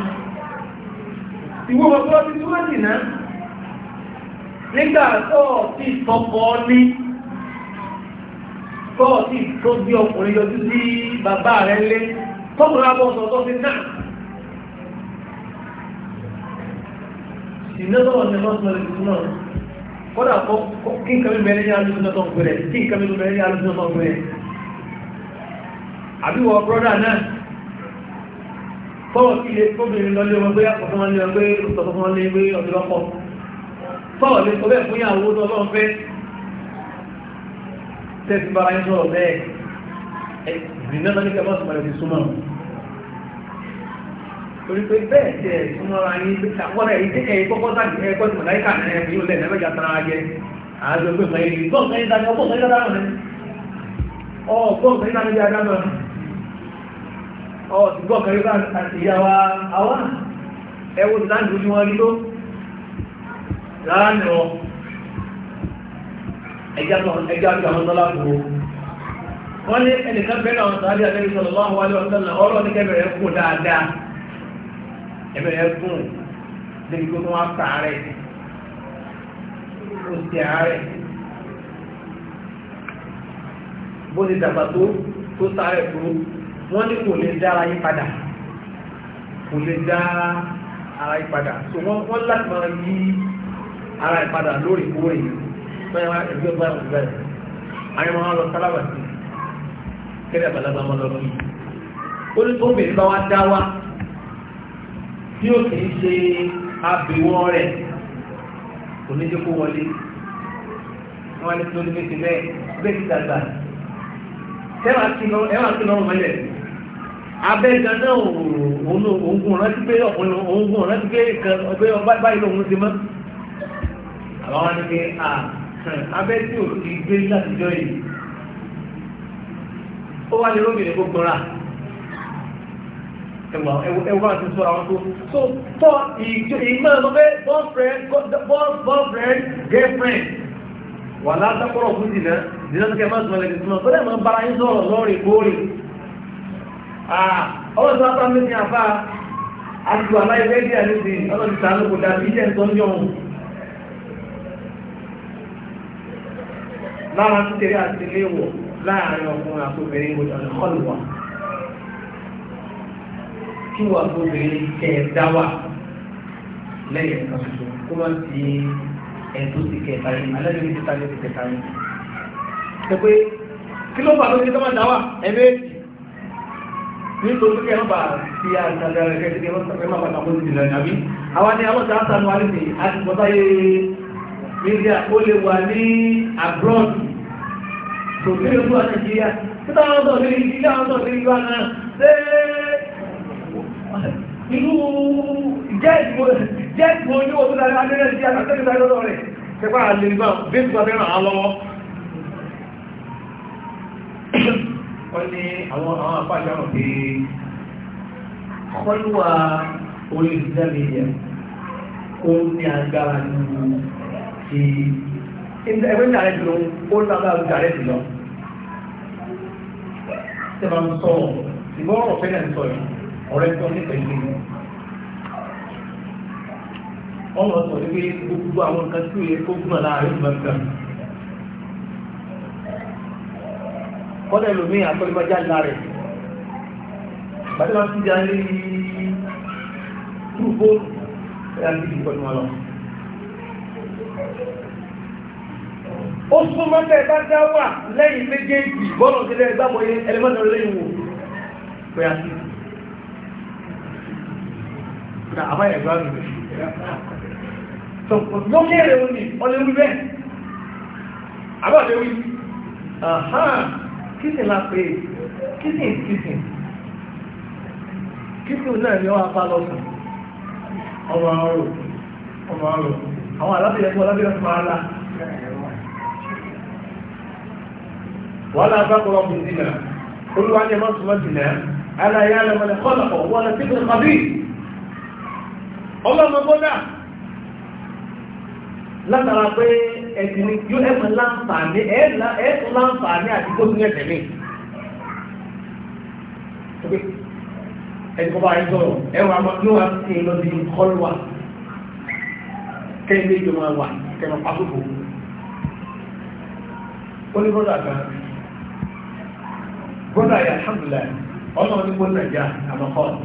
ìwọ ọ̀pọ̀ ti tí wọ́n dìnà nígbà tọ́ọ̀tì tọkọ ní tọ́ọ̀tì tó bí ọkùnrin yọjú sí bàbá rẹ̀ lé tọ́kùnrin abọ́ sọ tó fi náà ìnẹ́sọ̀rọ̀ ni lọ́sọ̀rọ̀ ìlú náà kódà kí n kàmí mẹ́rin ní alùsùn tó ń gbẹ̀rẹ̀ kí n kàmí mẹ́rin ní alùsùn tó ń gbẹ̀rẹ̀ àbíwọ̀ brọ́dà náà fọ́wọ́ sí ilé kóbìnrin lọ lé wọn pé àpọ̀ fún wọn lé wọn pé òtọ̀ fún wọn lé pé ọdún fọ́wọ́ lè sọ fún ìyàwó tó lọ́n fẹ́ tẹ́sí bára ń sọ̀rọ̀ bẹ́ẹ̀ ìdìnnà ní kẹfà sọ̀rọ̀ ti súnmọ́ torí pé bẹ́ẹ̀ tẹ́ ẹ̀yìn kọ́kọ́ sáà jẹ́ ẹ̀kọ́ náà ẹ̀mí yóò lẹ̀ lẹ́mẹ́jà tara ọ̀sìgbọ́ kẹrẹ bá àti ìyàwó àwọ́ ẹwọ́ ìlànà ojú wọn rí tó láàánà ẹjá tó àwọn tọ́lá kò wọ́n ní ẹnìkan bẹ́ẹ̀ àwọn tàbí àtẹ́rí sọ̀rọ̀ wọ́n wà lọ́wọ́ tọ́lá ọ̀rọ̀ ní kẹbẹ̀rẹ̀ kù dáadáa ẹbẹ̀rẹ̀ kù lẹ́yìn tó wọ́n pa ti ààrẹ bó ti dàgbà tó tó sáré kúrú wọ́n ní kò lè dá ara yí padà kò lè dá ara yí padà so wọ́n láti máa yí ara yí padà lóòrèkóòrè bẹ́ẹ̀ wá ẹgbẹ́ bá ẹ̀wọ̀n bẹ́ẹ̀ ayé máa lọ sálábà sí kẹ́lẹ́ àgbàlagbà máa lọ sí ó ní obìnrin bá wá dá wá tí ó kì í ṣe abìwọ́n rẹ̀ kò ní jẹ́ kó wọlé wọ́n á ní kí ló ní bẹ́ẹ̀ bẹ́ẹ̀ ti dàgbà ẹwà kí lọ́rùn mẹ́lẹ̀ abẹ́gan náà òǹgùn rántí pé òǹgùn rántí pé báyìí lòun ti mọ́ àwọn wọn ni pé abẹ́ tí ò ti gbé látijọ́ yìí ó wá ní lómìnir gbogbo rà ẹwọ́n àti sọ́ra wọn tó so tọ́ ìgbà lọ pé boyfriend girlfriend wà látàkọ́rọ̀ fún ìdìnnà ìdìnnà tó kẹ́ máa sọ̀rọ̀ lẹ́gbẹ̀ẹ́ sọ̀rọ̀ tó dẹ̀ máa bára yín sọ̀rọ̀ lọ́rẹ̀ gbóòrè ọwọ́ tí wọ́n tán ní àfá àti wà láì rẹ́dí àlúdì ọlọ́dì tààlù kò dá bí jẹ́ tó ń yọ̀hún lára tí tẹ̀rí àti léwọ̀ láàrin ọkùnrin àtòbìnrin kò jọ̀nà kọlùwà kí wà tóbìnrin kẹ̀ẹ́dá wà lẹ́yìn kan ṣoṣo kó má ti ẹ̀tọ́ ti kẹta yìí alẹ́bí ti ta ní ti kẹta yìí. ṣe pé kí ló fà lóṣèlú tó má dá wà ẹ̀mí nítorí kẹ́ ọba ti àtàlẹ̀ rẹ̀ kẹ́ ọmọ pàtàkì bó ti lọ́nà bí àwọn ni àwọn sáà sànú alìsì àti pọ̀táyé mídíà ó lè wà ní abroad tó kí ló wà nàìjíríà títà àwọn ọ̀dọ́ ní ilé àwọn ọ̀dọ́ ní ìlú àná ṣé ìlú jẹ́ ìgbò ojú òtún lára adẹ́rẹ́ sí àtàkùn ìlú àlọ́rẹ̀ ṣẹ́pà àlè wọ́n ní àwọn àwọn àpáàjọ àwọn pé kọ́lùwà orí social media ó ní agbára ju ti ẹgbẹ́ ní ààrẹ jùlọ ó ní agbára ju ààrẹ jùlọ ṣe máa ń sọ ṣùgbọ́n ọ̀rọ̀ fẹ́lẹ̀ ń sọ yìí ọ̀rẹ́ tó ní pẹ̀lú ọmọ sọ wípé gbogbo àwọn nǹkan tí ó yẹ kó gbọ́n láàrin ìgbà kọ́lẹ̀ lómi àtọ́lẹ́mọ́já ńlá rẹ̀ bàtí wọ́n ti darí túbó ẹ̀yà ti dìbò ní wọn lọ. ó súnmọ́ tẹ́ bá dá wà lẹ́yìn méjèèjì bọ́ọ̀lù sílẹ̀ gbàgbọ́ yẹn ẹlẹ́mọ́tò lẹ́yìn wò pẹ̀yà sí. na àbá yẹn gbá mi. lókè rẹ̀ ó ní ọlẹ́wí bẹ́ẹ̀ àbá ọlẹ́wí. kissing la pé kissing is kissing kissing náà ni wọ́n apá lọ́sàn ọmọ ọrọ̀ ọmọ ọrọ̀ àwọn alábẹ̀yẹ fún alábẹ̀yẹ fún wọ́n lọ bá kọ́ ọmọ ìdí náà olúwa ni ẹ má súnmọ́ jù náà aláyé alẹ́ mọ́lẹ̀ kọ́ lọ́kọ̀ wọ́n lọ sí ìgbẹ́ látara pé ẹ̀sìn ni yóò ẹ̀mọ̀ láǹfààní ẹ̀sùn láǹfààní àti kó tún ẹ̀sẹ̀ mi. ẹ̀sìn kọ́ bá yín sọ̀rọ̀ ẹ̀wọ̀n àmọ́ yóò wá sí i lọ́dún yìí kọ́ ló wà kẹ́yìn méjì máa wà kẹ́mọ pàṣípò. ó ní bọ́dà kan bọ́dà yà alhamdulilayi ọlọ́run ní bọ́dà yà àmọ́ kọ́ọ̀tù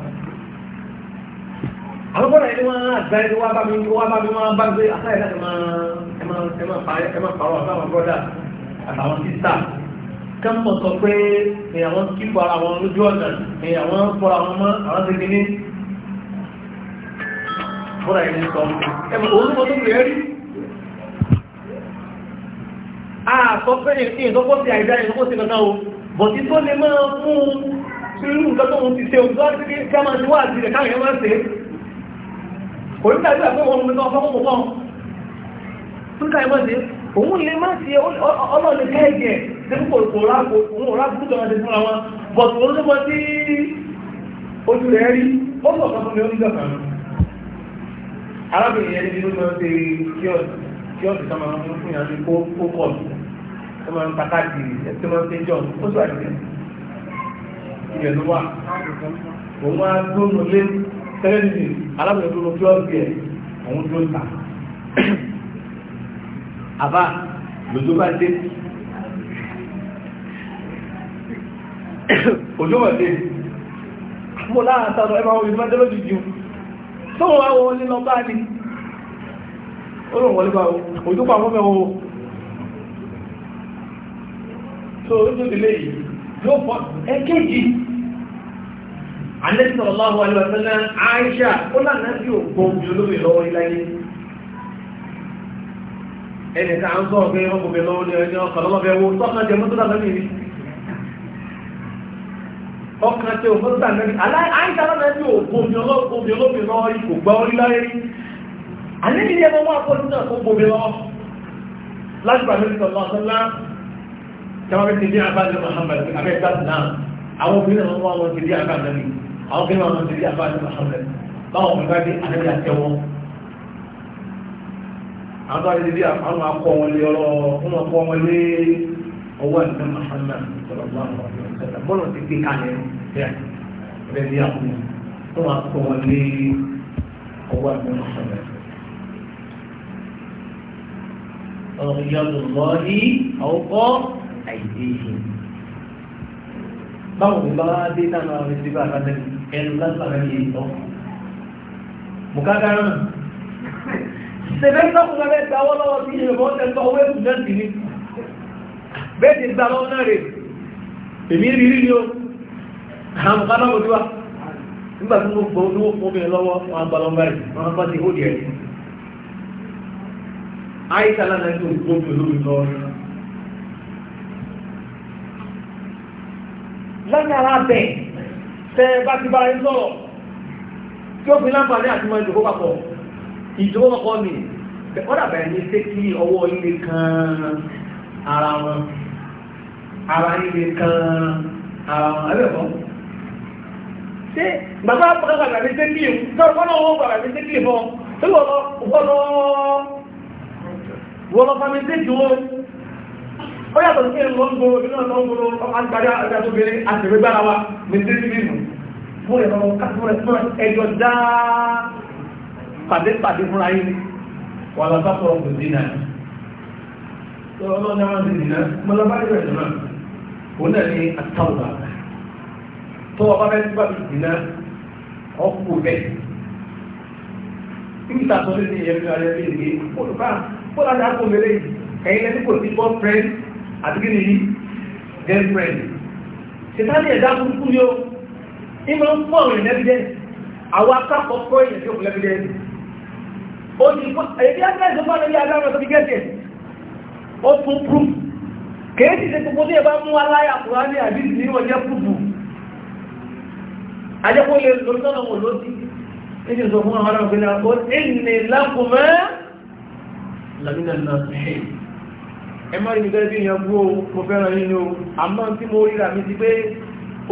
àwọn bọ́dà yìí wọ́n àgbà ẹni wá bá mi wá bá mi wọ́n bá mi pé àtàyè láti máa ẹ máa ẹ máa pààyẹ ẹ máa pààrọ̀ àtàwọn bọ́dà àtàwọn sísà kẹ́mọ̀ sọ pé ní àwọn kíkọ ara wọn lójú ọ̀nà ní àwọn fọ́ra wọn mọ́ àwọn ti gbin ní bọ́dà yìí ń sọ ẹ̀mọ̀ òun ló mọ tó bìrẹ̀ rí. a sọ pé ní ìdókòó sí àìdá ìdókòó sí kankan o bọ̀dí tó lè máa mú irú nǹkan tó ń ti ṣe òun tó wá òun lè má sí ọlọ́ọ̀lẹ́ kẹ́ẹ̀kẹ́ tí kò kò rákò òun ò rákò tó fúnra wọn bọ̀t òun ló mọ ojú rẹ̀ rí ó sọ̀ fún mi onígbà kan arábìnrin yẹn nínú ó sọ tẹ́lẹ̀dì alábẹ̀rẹ̀ tó lọ kí wọ́n gbé ẹ̀ òun tó ń ta àbá lòdó bá dé òjò wà dé mo láàá sọ́dọ̀ ẹgbà wọn ìfẹ́ tẹ́lẹ̀ jù tó wọ́n wọ́n wọlé lọ bá ní ó lọ wọlé bá òjò pa wọ́n mẹ́wọ́ so ó tó délé yìí yóò fọ́ ẹ̀kẹ́jì Ànábì sallallahu alaihi wa sallam Àìṣà ó lànà bí ògbọ́n mi olómi lọ́wọ́ iláyé ẹni ká ń sọ̀rọ̀ pé ọkùnrin mi lọ́wọ́ ní ẹni ọkàn lọ́lọ́fẹ́ wo tọ́kàn jẹ mọ́tò dàbẹ́ mi ọkàn tẹ òfin dàbẹ́ mi Àìṣà lànà bí ògbọ́n mi olómi lọ́wọ́ kò gbá orí láyé àníbi ni ẹmọ wọn akọ́ni náà tó gbòmí lọ àwọn obìnrin náà wọ́n ti dí àbájọ náà àwọn kí ni wọn ti di àbá àti Muhammad báwọn mi bá di àlejò àti ẹwọn àwọn tó àti di àwọn akọ wọn lé ọlọ wọn akọ wọn lé ọwọ́ àti Muhammad sọlọ bá wọn lọ sẹlẹ bọlọ ti gbé kalẹ̀ bẹ́ẹ̀ bẹ́ẹ̀ bí àwọn wọn akọ wọn lé ọwọ́ àti Muhammad. ọ̀rìyàdù lọ́rí ọ̀pọ̀ àìdíyìn. Báwo ni bá dé náà lọ sí bá àtàtẹ́lẹ̀? ẹnu lásàrẹ́ yìí tọ́. Bùkátà náà. Ṣèbẹ́ sọ́kùn náà bẹ́ẹ̀ gbáwọ́ lọ́wọ́ sí ìrìnbọn tẹ́ tọ́ owó èkù náà sí ní. Bẹ́ẹ̀ ti gbà lọ́wọ́ náà rè. Èmi rí rí ni o. Àwọn bùkátà kò díwá. Nígbà tí mo gbọ́ olówó fún mi lọ́wọ́, wọn á balọ̀ bá rẹ̀, wọn á bá ti hóde ẹ̀. Àyíká lánàá tó gbóbi olómi lọ́wọ́. Lọ́nà tẹ bá ti bára ń sọ̀rọ̀ tí ó fi láǹfààní àti mọ ìdòwò papọ̀ ìdòwò papọ̀ mi wọ́n dàbẹ̀ ní ṣé kí ọwọ́ ilé kan ara wọn ara ilé kan ara wọn ẹbẹ̀ kọ́ ṣé bàbá bàbá mi ṣé kí ìwọ sọ̀rọ̀ fọ́nà owó bàbá mi ṣé kí ìfọ́ ṣé ó yàtọ̀ sí ẹ̀rọ ń gbòòrò nínú ọ̀nà ọ̀gbòòrò agbára àgbàdóbìnrin àtẹ̀wégbára wa mẹ́tẹ́rì nínú fún ẹ̀rọ ẹjọ́ dáa pàdépàdé fúnra yìí wà lọ sáfọ̀ ọ̀gbìn dínà ọlọ́run náà ti dínà mọ́lábá ìrọ̀ ẹ̀jọ̀ náà òun náà ní àtàwùbà tó wà bá bẹ́ẹ̀ bá ti dínà ọkọ̀ bẹ́ẹ̀ nígbà tó lé ní ẹ̀rọ ayẹyẹ ìgbé olùkọ́ àpò láti àpò mẹ́lẹ́ ẹ̀yìn ẹni kò sí bọ́ àti kí ni girlfriend ṣètàlì ẹ̀dá burúkú ni ó ìmọ̀ ń fún àwọn ènìyàn lẹ́bídẹ́ àwọn akápọ̀ kọ́ èèyàn tí ó fún lẹ́bídẹ́ ó ti fún èyí agbẹ́sọ fún àwọn agbẹ́sọ tó fi gẹ́ẹ̀kẹ́ ó fún proof kèé ti ṣe gbogbo tí ẹ bá mú aláyà kùránì àbí ìdí wọn jẹ́ proof ajẹ́kọ́ lè lórí tọ́nà wọn ló ti ní ti sọ fún àwọn arábìnrin àkọ́ ìnìlákùnmẹ́ náà ẹ má rí bí èèyàn bú mo fẹ́ràn yín àmọ́ tí mo ríra mi ti pé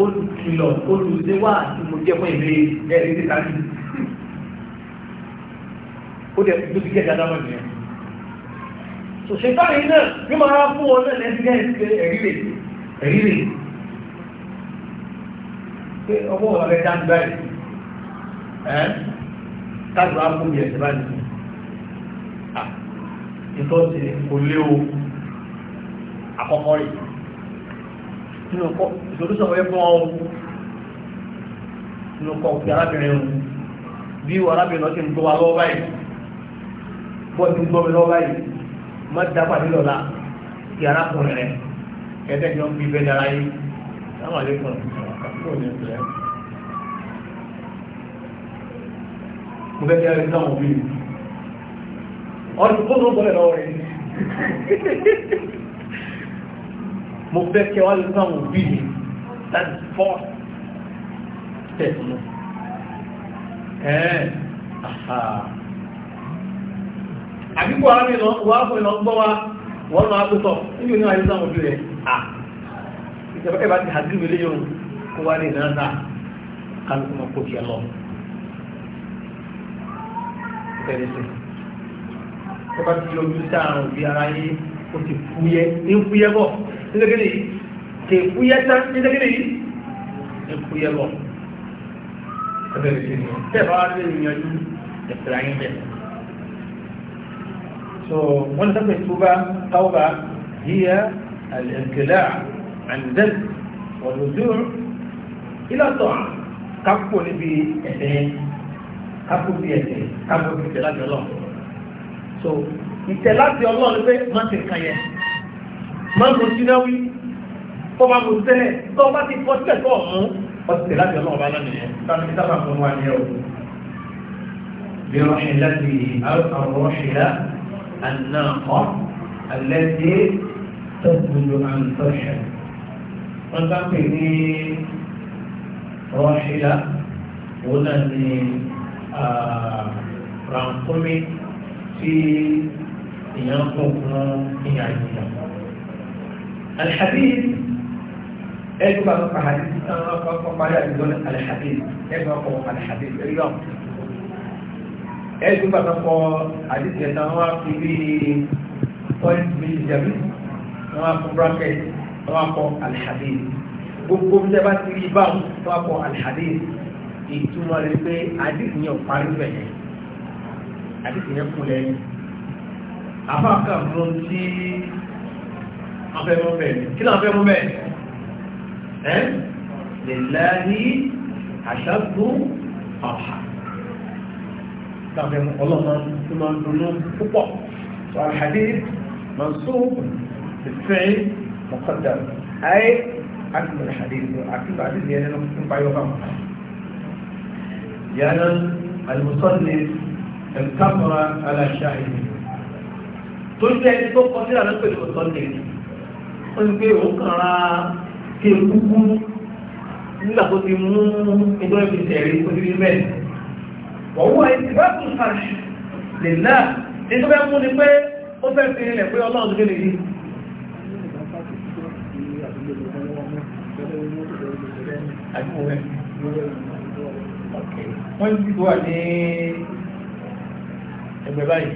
olùkìlọ̀ olùdéwà tí mo jẹ́ fún ìlé ẹ̀rí ti tàbí ó dẹ̀ tó ti jẹ́ dáadáa kò lé o àkọ́kọ́ rẹ̀ nínú kọ́ ìṣòlúṣọ̀ wọ́n yẹ fún ọ́ nínú kọ́ òkè arábìnrin o bí arábìnrin náà ti ń gbọ́ wa lọ́wọ́ báyìí bọ́ ti ń gbọ́ mi lọ́wọ́ báyìí má dábàá nílò la kí arákùnrin rẹ̀ kẹ́tẹ́ jọ ń bí bẹ́ẹ̀ dára yìí sáwọn àlékún àkókò ní ìpìlẹ̀ mo fẹ́ kí ẹ sáwọn òbí ọdún kó ló ń bọ́lẹ̀ lọ́wọ́ rẹ̀ mo fẹ́ kẹ́ wá lórí àwọn òbí mi láti fọ́ tẹ̀sán ẹ̀ẹ́ àbíkú àárín lọ wà fún ìlọ gbọ́ wa wọ́n lọ àpótọ̀ níbi oníwà yóò sáwọn òbí rẹ̀ à ìjọba ẹ̀bá ti hàdí ìwé léyìn kó wá ní ìdáná kálukú mọ́ kó tiẹ̀ lọ bẹ̀rẹ̀ sí ẹ̀bá ti yọjú sí àrùn òbí ara yé ó ti fúyẹ́ ní fúyẹ́ bọ̀ nílẹ̀ kí ni kèkúyẹ́ tán nílẹ̀ kí ni kèkúyẹ́ lọ ẹbẹ̀rẹ̀ sí ni tẹ́ẹ̀bá wá lè yanjú ẹ̀sẹ̀ ayé bẹ̀rẹ̀ so wọ́n lè sọ́kè tó bá tawba hiya al-inqila' àǹdẹ́l wal-rujuu ila ta'a kápò níbi ẹ̀sẹ̀ kápò bí ẹ̀sẹ̀ kápò bí ìtẹ̀láti ọlọ́run so ìtẹ̀láti ọlọ́run pé má ti kàn yẹn máa mú sí náwí tó máa mú sílẹ̀ tó bá ti kọ́ sílẹ̀ tó ọ̀hún ọ̀sẹ̀ láti ọlọ́run bá lọ́nà yẹn tàbí kí sábà fún wa ní ọ̀ bí rọ́ṣẹ̀ láti àrọ́ṣẹ̀ ànáhọ́ àlẹ́dẹ́ tẹ́gbùlù àǹtọ́ṣẹ̀ wọ́n bá pè ní rọ́ṣẹ̀ òun náà ní ràǹkómi tí èèyàn kún fún ìyàgbìyàn alhadith ẹgbẹ́ bá kọ́kọ́ hadith náà kọ́kọ́ parí àdúgbò alhadith ẹgbẹ́ ọkọ̀ alhadith ẹgbẹ́ náà ẹgbẹ́ bá kọ́kọ́ hadith yẹn náà wọ́n á fi bí point méjì jẹ̀bi wọ́n á kọ́ bracket wọ́n á kọ́ alhadith gbogbo bí ẹ bá ti rí báwọn wọ́n á kọ́ alhadith ìtumọ̀ rẹ̀ pé hadith yẹn ò parí bẹ̀yẹn hadith yẹn kú lẹ́yìn afáàkà mú sí afẹ́mọ́mẹ́ kí náà afẹ́mọ́mẹ́ ẹ́ lèláàrí àṣàgbó ọ̀há láàfẹ́mọ́ ọlọ́mọ tó máa ń dúnú púpọ̀ wàhálì mansub ìfẹ́ mọ̀kọ́dà ayé akíbà àdé akíbà àdé ní ẹni ń pa yọba mọ̀ yàrá alimusọ́ni ẹ̀kámọ́ra aláṣáyé tó jẹ́ ẹni tó kọjá lọ́pẹ̀lú ọ̀tọ́ nìyí ó ní pé òun kàn ra ké kúkú nígbà tó ti mú ẹjọ́ ìfi sẹ̀rí tó ti rí bẹ́ẹ̀. ọ̀wọ́ ẹ ti bá kù fàṣì lè náà ní tó fẹ́ mú ni pé ó fẹ́ fi ilẹ̀ pé ọlọ́run tó kéde yìí. wọ́n ti wà ní ẹgbẹ́ báyìí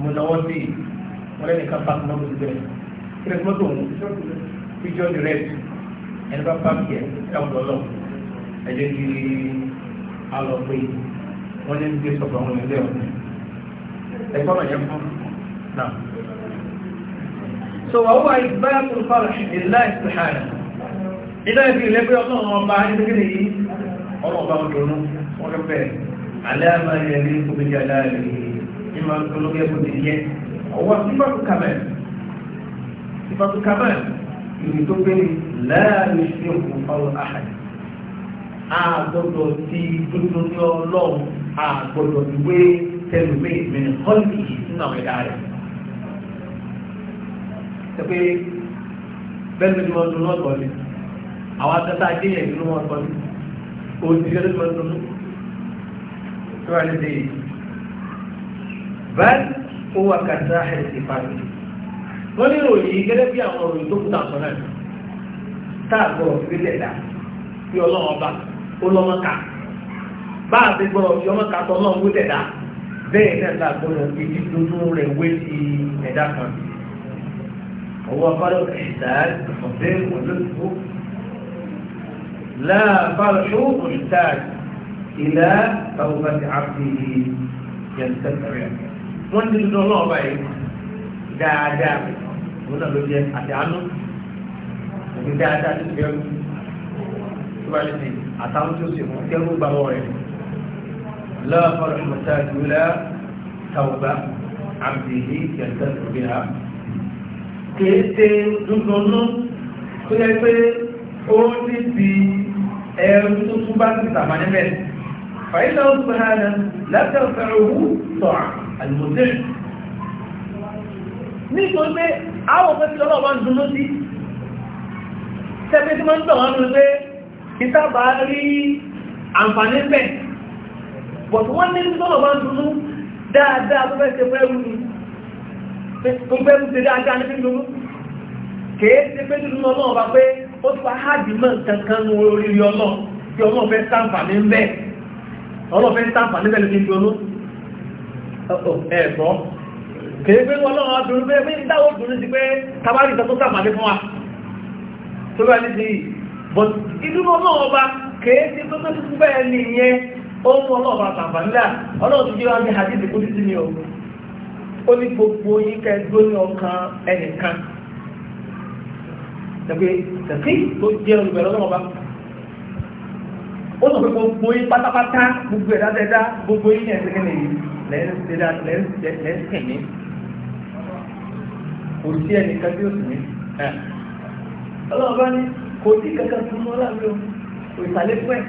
mo náwó sí wọ́n lẹ́nìkan pàtó náà ló ti bẹ̀rẹ̀ kílẹ̀ mọ́tò òun fíjọ́ di rẹ̀ ẹni bá pàkì ẹ̀ ẹ̀wọ̀n lọ ẹ̀jẹ̀ kí alọ pé wọ́n ní gbé sọ̀rọ̀ àwọn ilé ọ̀hún ẹ̀kọ́ náà yẹn fún náà. so wà ó wà ìbára tó fara ìlà ìsìlára ìlà ìsìlára pé ọlọ́run ọba nígbèrè yìí ọlọ́ọ̀bá ọdún wọn lọ alẹ́ àmà yẹn ní kòmíjà láàrin ìmọ̀ ọlọ́gẹ́gbọ̀n ti yẹ sífàtú kamal ibi tó gbé láàrin sí òkú fáwọn àhàdì àgbọ̀dọ̀ ti tuntun ní ọlọ́run àgbọ̀dọ̀ ìwé tẹlùmí mìíràn họ́lì nínú àwọn ẹ̀dá rẹ̀. ṣe pé bẹ́ẹ̀ ni wọ́n dun náà kọ́ni àwọn akẹ́kọ̀ọ́ akéèyàn nínú wọn kọ́ni òṣìṣẹ́ ló máa ń dun tó wà nídìí. báyìí ó wà kàtà ẹ̀ ìfàmì wọ́n ní ìròyìn gẹ́gẹ́ bí àwọn òròyìn tó kúta sọ náà táàgbọ̀ ìgbésẹ̀ dá bí ọlọ́run ọba ó lọ́mọ ká bá a ti gbọ́rọ̀ fi ọmọ ká tọ́lọ́ ń gbótẹ̀ bẹ́ẹ̀ náà láàgbọ́rọ̀ ìdí tuntun rẹ̀ wé sí ẹ̀dá kan ọwọ́ afárọ̀ ẹ̀dá ọ̀fẹ́ olóòtú láàbàṣọ́ òṣìṣà ìlà tàwọn ti àfi tẹ́tẹ̀rẹ̀ wọ́n ti dúdú ọlọ́ọ̀bá yìí dáadáa òun náà ló jẹ àti àánú òun dáadáa tó fi ẹrú tó bá lè fi àtàwọn tó sì wọn kẹrù gbà wọ rẹ lọ́wọ́ mọ̀tà ìgbìlá tàwùbá àbìlí yàtọ̀ ìgbìlá ha kìí ṣe dundunú tó yẹ pé ó ní ti ẹrú tó tún bá ti tàmá níbẹ̀ fàyílà ó sọ hàn látàfẹ́ owó tọ̀ àlùmọ́tẹ́rì nítorí àwọn òfin tí ọlọ́ọ̀bá ń dunú sí tẹ́bí tí wọ́n ń tọ̀wọ́n nínú pé ìtàbà rí àǹfààní pẹ̀ but wọ́n ní ọlọ́ọ̀bá ń dunú dáadáa tó fẹ́ ṣe fẹ́rù ni tó fẹ́rù ṣe dáadáa ní fífún kèé ṣe pé nínú ọlọ́ọ̀bá pé ó ti pa háàdì mọ́ nǹkan kan ní orí ọlọ́ọ̀ tí ọlọ́ọ̀ fẹ́ sàǹfààní ń bẹ́ẹ̀ ọlọ́ọ̀ fẹ́ kèé pé ọlọ́run adùn pé pé dáwọ́ dùn sí pé tabari ìtọ́ tó sàmàlé fún wa tó bá ní sí but inú ọlọ́run ọba kèé sí tó tó tún bẹ́ẹ̀ ní ìyẹn ó mú ọlọ́run ọba sàmàlá ọlọ́run tó jẹ́ wá ní hadith kó títí ni o ó ní gbogbo yín kẹ́ dó ní ọkàn ẹnìkan tẹ̀pẹ́ tẹ̀pẹ́ tó jẹ́ olùbẹ̀rẹ̀ ọlọ́run ọba ó kò sí ẹnìkan tí ó sì ní ọlọ́ọ̀bá ní kò sí kankan tó mọ́ láàrin o ìsàlẹ̀ fún ẹ̀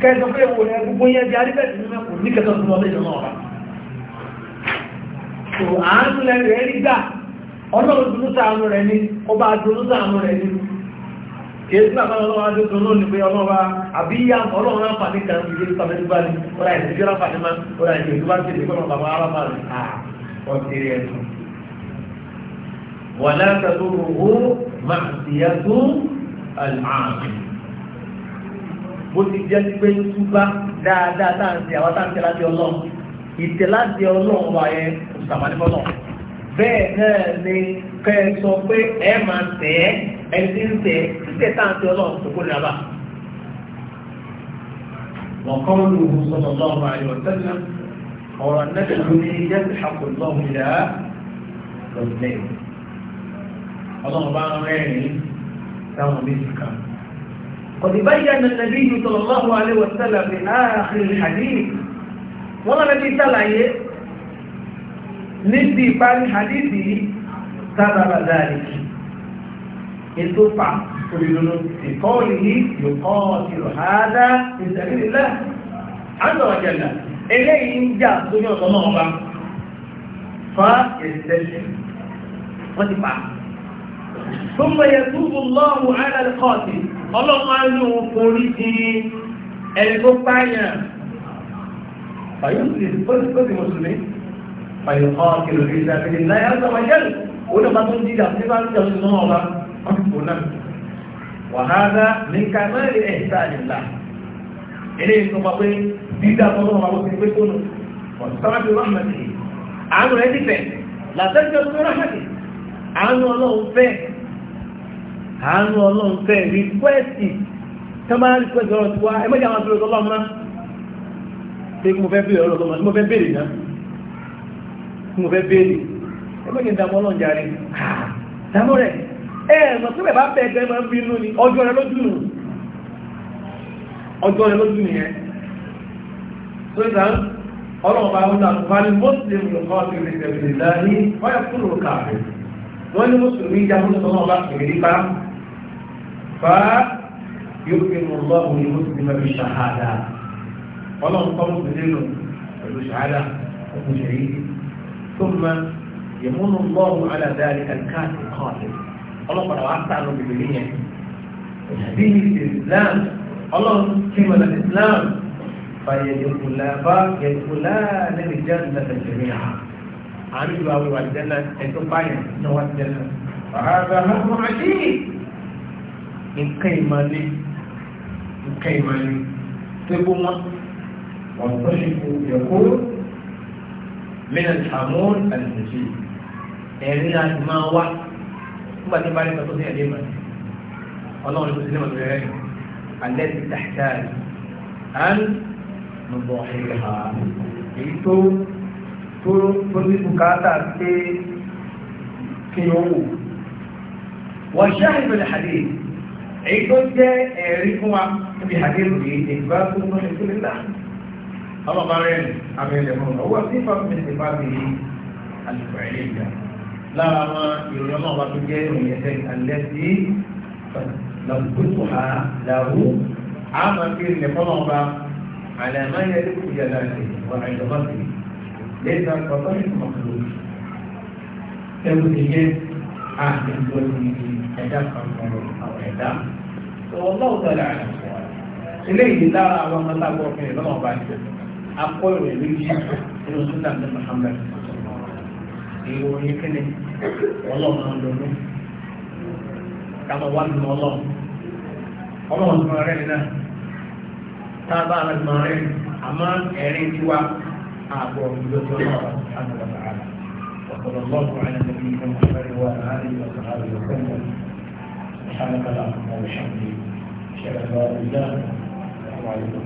kẹ́ẹ̀sọ pé wo ẹ gbogbo yẹn di arígbẹ̀tì nínú ẹ̀kọ́ ní kankan tó mọ́ lẹ́yìn náà rà tó àánú rẹ̀ rẹ̀ rí gbà ọlọ́run dunú sàánú rẹ̀ ni ọba dunú sàánú rẹ̀ ni kìí sí àbá ọlọ́run adé tó lónìí pé ọlọ́run àbí yá ọlọ́run àǹfààní kan ìdí ìpàdé tó bá ní ọlọ́run ìdí ìjọba àǹfààní máa ọlọ́run ìdí ìjọba ti dè kọ́nà bàbá arábà rẹ̀ ọ̀tẹ̀rẹ̀ wàlá tàdúrúhú màṣíyàtú àlàáfì bó ti jẹ́ pé túbá dáadáa táǹtì àwọn táǹtì láti ọlọ́run ìtẹ̀ láti ọlọ́run wa yẹn òṣàmánìfọ́nà bẹ́ẹ̀ náà ni kẹ́ ẹ sọ pé ẹ máa tẹ̀ ẹ́ ẹ ti ń tẹ̀ títẹ̀ táǹtì ọlọ́run tó kó nàbà. وقوله صلى الله عليه وسلم هو النبي الذي يلحق الله إلى رجلين ọlọ́run bá ń rẹ́rìn táwọn méjì kan. قد بين النبي صلى الله عليه وسلم في آخر الحديث ولا نبي سلعي níbi ìparí hadithi sábàbà dáàrí ètò pa òrìlòlò ìkọ́ọ̀lì ní yòkọ́ọ̀tìrò àádá ìsẹ̀lélá àtọ̀wàjẹ̀lá eléyìí ń jà tó ní ọ̀tọ̀ náà bá fa ìsẹ̀lẹ̀ wọ́n ti pa ثم يتوب الله على القاتل ọlọ́run máa ń lò wọn forí di ẹni tó pààyàn fàyọ́sì fọ́sí mùsùlùmí fàyọ́kọ́ kìlọ̀ ní ìṣàfihàn láyé àtàwàjẹ́lì òun náà bá tó ń dídà tí bá ń jà sí náà ọba ọ̀pọ̀ náà wàhálà ní kàmáàlì ẹ̀sà àdìlá ilé ìtọ́pa pé dídà tọ́lọ́ ọba ti pé kónú ọ̀sáwájú rahmatì àánú ẹ̀ nífẹ̀ẹ́ làtẹ́jọ́ tó rahmatì àánú ọlọ́run fẹ́ẹ́ àánú ọlọ́run fẹ́ rìkwẹ́sì tó rìkwẹ́sì ọ̀rọ̀ tiwa ẹ mẹ́jọ àwọn abúlé ọlọ́run náà pé mo fẹ́ béèrè ọ̀rọ̀ lọ́mọ tí mo fẹ́ béèrè náà tí mo fẹ́ béèrè ẹ mẹ́jọ ọlọ́run rẹ̀ tí bá fa yóò fi mú lọ́wọ́ ní mùsùlùmí lọ́wọ́ ṣàhádà ọlọ́run kọ́ mùsùlùmí nù pẹ̀lú ṣàhádà ọkùnrin ṣèyí tó mọ yẹmúnú lọ́wọ́ aládàáni kankan kọ́ọ̀tì ọlọ́pàá wa sànù bìbìlì yẹn bí islam ọlọ́run kí mọ̀lá islam fàyẹ̀dẹ̀kùlá lẹ́nu jẹ́ ìlẹ́sẹ̀jẹ̀mí à àmì ìlú àwọn ìwà ìjẹ́nà ẹ̀tọ́ báyìí ní wọ́n ti jẹ́nà. nǹkan ìmọ̀lé nǹkan ìmọ̀lé tó gbó wọn wọn tó ṣe kò yẹ̀kó mìíràn àmúhùn àlùmọ̀jì ẹ̀rí láti máa wá nígbà tí bá nípa tó ní ẹ̀dẹ́ ìmọ̀lé ọlọ́run ló ti ní ọ̀dọ̀ rẹ̀ alẹ́ ti tàṣà án nùbọ̀ ìhà èyí tó tó tó ní bùkátà pé kí ó wò wọ́n ṣáà ìbẹ̀lẹ̀ hadith èyí tó jẹ́ ẹ̀rí fún wa níbi àdéhùn yìí ìgbà tó ń lọ́ṣẹ̀ tó lè là ọlọ́ba rẹ̀ àmì ilẹ̀ mọ̀ ọwọ́ sí fàmì ti bá ti àlùkò ẹ̀yẹ ìjà lára àwọn ìròyìn ọlọ́run bá tó jẹ́ ìròyìn ẹ̀sẹ̀ alẹ́ sí lọ́gbọ́tò ẹ̀dá kan kan rọ̀ ẹ̀dá ọlọ́wọ́ tọ́lá eléyìí lára àwọn ọmọlágbọ́ fún ẹ̀ lọ́wọ́ báyìí akọ ìròyìn méjì nínú súnà ní Muhammad ìròyìn kíni ọlọ́run ọdọọdún kàmọ́ wà nínú ọlọ́run ọlọ́run tó máa rẹ̀ nínú tábà rẹ̀ máa rẹ̀ àmọ́ ẹ̀rín tiwa ààbọ̀ ìjọba náà àti ọ̀sán àlà ọ̀sán lọ́wọ́ àyànjẹ́ bí ìjọba náà wà láàárín ọ̀sán àlà ọ̀sán náà. سبحانك اللهم وبحمدك اشهد ان لا اله الا انت السلام عليكم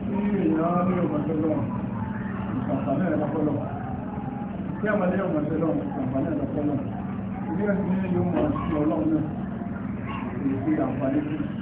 ورحمه الله وبركاته tí a máa lé ọmọ ẹgbẹ́ lọ́wọ́ àǹfààní ẹ̀dọ̀kọ́ náà bí wọ́n ti ní yóò mọ̀ sí ọlọ́run náà èyí tí àǹfààní fún un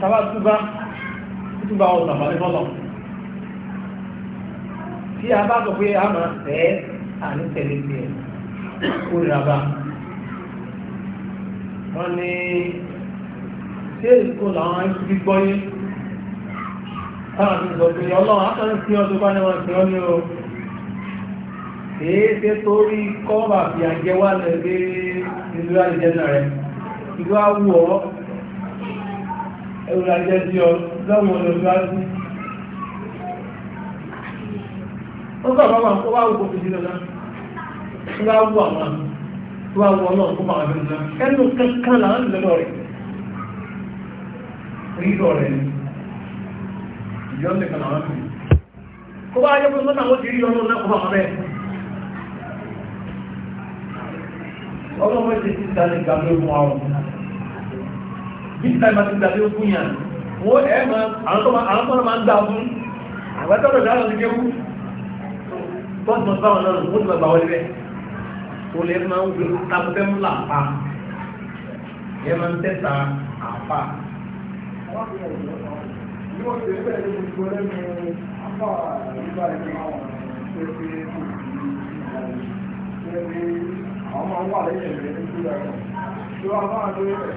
tàbá túbá túbá ọ̀sán àbálẹ́ fọ́lọ̀ tí a bá sọ pé a máa fẹ́ àní tẹ̀lé tiẹ̀ kó rà bá wọ́n ní ṣé èkó làwọn ibi gbọ́ yé táwọn ti sọ pé ọlọ́run akọ́ni fi ọ́ tó bá ní wọn fi ọ́ ní o èé ṣe torí kọ́ bàbí àjẹwà lẹ́gbẹ́ ìlú àjẹjẹ náà rẹ̀ ìlú àwọ̀ ẹ̀rọ ajẹ́ bí ọ lọ́wọ́ olóògbájú ó kọ́ bá wà kó wá wùkọ́ fi sílẹ̀ náà tó àwọn àmì tó wá wù ọlọ́run kó máa bẹ̀rẹ̀ náà ẹnu kankan là ń lọ́rọ̀ rẹ̀ rírọ̀ rẹ̀ ni ìjọ ń lẹ̀kan àwọn àmì kó bá yẹ kó sọ́nà ó ti rí ọlọ́run náà kó máa bẹ̀rẹ̀ ọlọ́run ti ti dalẹ̀ gbàgbé fún àwọn ọmọ náà bí ìta ìbá ti gbà tí ó fún yàn wọ́n ẹ̀ mọ́ àwọn tó máa ń gbà fún àgbàtọ́rọ̀ dáhùn ti kéwú tọ́jú ọ̀sán wọn náà wọ́n ti máa gbà wọlé bẹ́ẹ̀ tó lè máa ń gbé tabutẹ́ ń là pa yẹ máa ń tẹ́ta àpá. Àwọn máa ń wà lẹ́yìn rẹ̀ nígbà náà. Ṣé wàá máa ń lórí rẹ̀?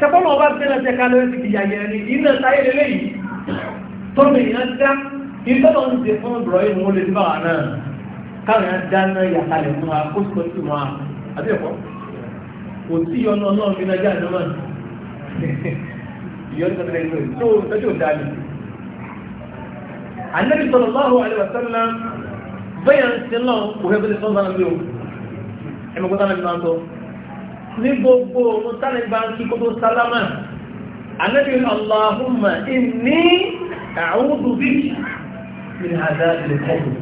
sẹ́kọ́nà ọba ti tẹ́lẹ̀ tẹ́ka lórí ti kìyà yẹn ni iná táyé lélẹ́ yìí tọ́mì yẹn dá ìtọ́lọ́ ń ṣe fún ọ̀dọ̀rọ̀ yìí wọ́n lè ti báwa náà káwọn yẹn dáná yàtàlẹ̀ fún wa kó sọ sí wọn àbí ẹ̀kọ́ kò sí ìyọnu ọlọ́run mi náà jáde náà ìyọnu tó ìgbẹ́ tó tẹ́jú òdá mi. Ànábì sallallahu alaihi wasallam bẹ́yà ń sin ní gbogbo ohun tánàbà ń kí kó tó sálámà anábì Allahumma inni a'udhu bika àdábì adhabil qabr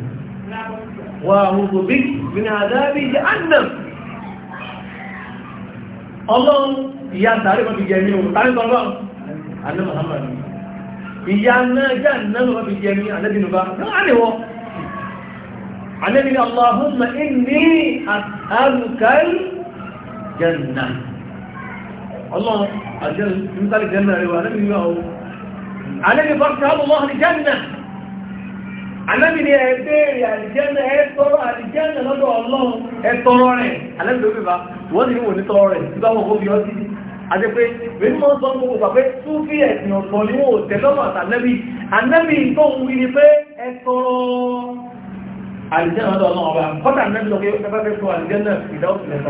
wa a'udhu bika àdábì adhabi jahannam ọlọ́run ìyá sàárè mọ́ fi jẹ ní ohun tánàbà ọlọ́run anábì Muhammad ìyá náà jẹ́ ànábì mọ́ fi jẹ ní anábì nùbá náà níwọ̀ anábì Allahumma inni as'aluka àjẹ́nà ọlọ́run àjẹ́nà ìmútàlì jẹ́nà rẹ̀ wà lẹ́bí yíwá o alẹ́bí bọ́kítà ọlọ́run àjẹ́nà alẹ́bí ni ẹ̀ẹ́dẹ́rẹ̀ àjẹ́nà ẹ̀ẹ́tọ́rọ̀ àjẹ́nà lọ́dọ̀ ọlọ́run ẹ̀tọ́rọ̀ rẹ̀ alẹ́bí ló bíbá wọ́n ti wò nítọ́rọ̀ rẹ̀ tí bá wọn kó fi ọtí àti pé èyí mọ́ sọ gbogbo pàpẹ́ súnfí ẹ̀sìn ọ̀pọ̀ ni wọ́n tẹ̀lọ́mọ̀ àtàlẹ́bí ànẹ́bí tó ń wí ni pé ẹ̀tọ́rọ̀ àìjẹ́ ọ̀dọ̀ ọlọ́run ọba kọ́tà ànẹ́bí lọ pé fún àìjẹ́ náà ìdáwọ̀sílẹ̀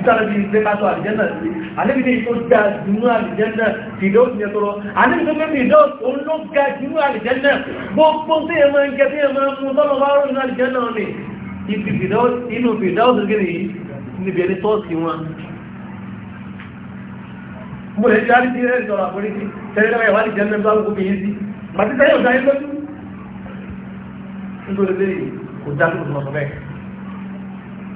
ìtàlẹ́bí ìgbé kásọ àlìjẹ́nà sí àníbi ní tó ga jùmú àlìjẹ́nà fìdóòsì yẹn tọrọ àníbi tó gbé fìdóòsì òun ló ga jùmú àlìjẹ́nà gbogbo tí ẹ máa ń jẹ tí ẹ máa ń mú tọ́lọ̀ bá rọ̀ nínú àlìjẹ́nà ni ibi fìdóòsì inú fìdóòsì gírí níbi ẹni tọ́ọ̀sì wọn. mo lè jáde sí ẹ̀rẹ́ ìtọ́ra àforíjì tẹ́lẹ̀ wá àlìjẹ́nà bá gbogbo yìí sí màtí tẹ́lẹ̀ ò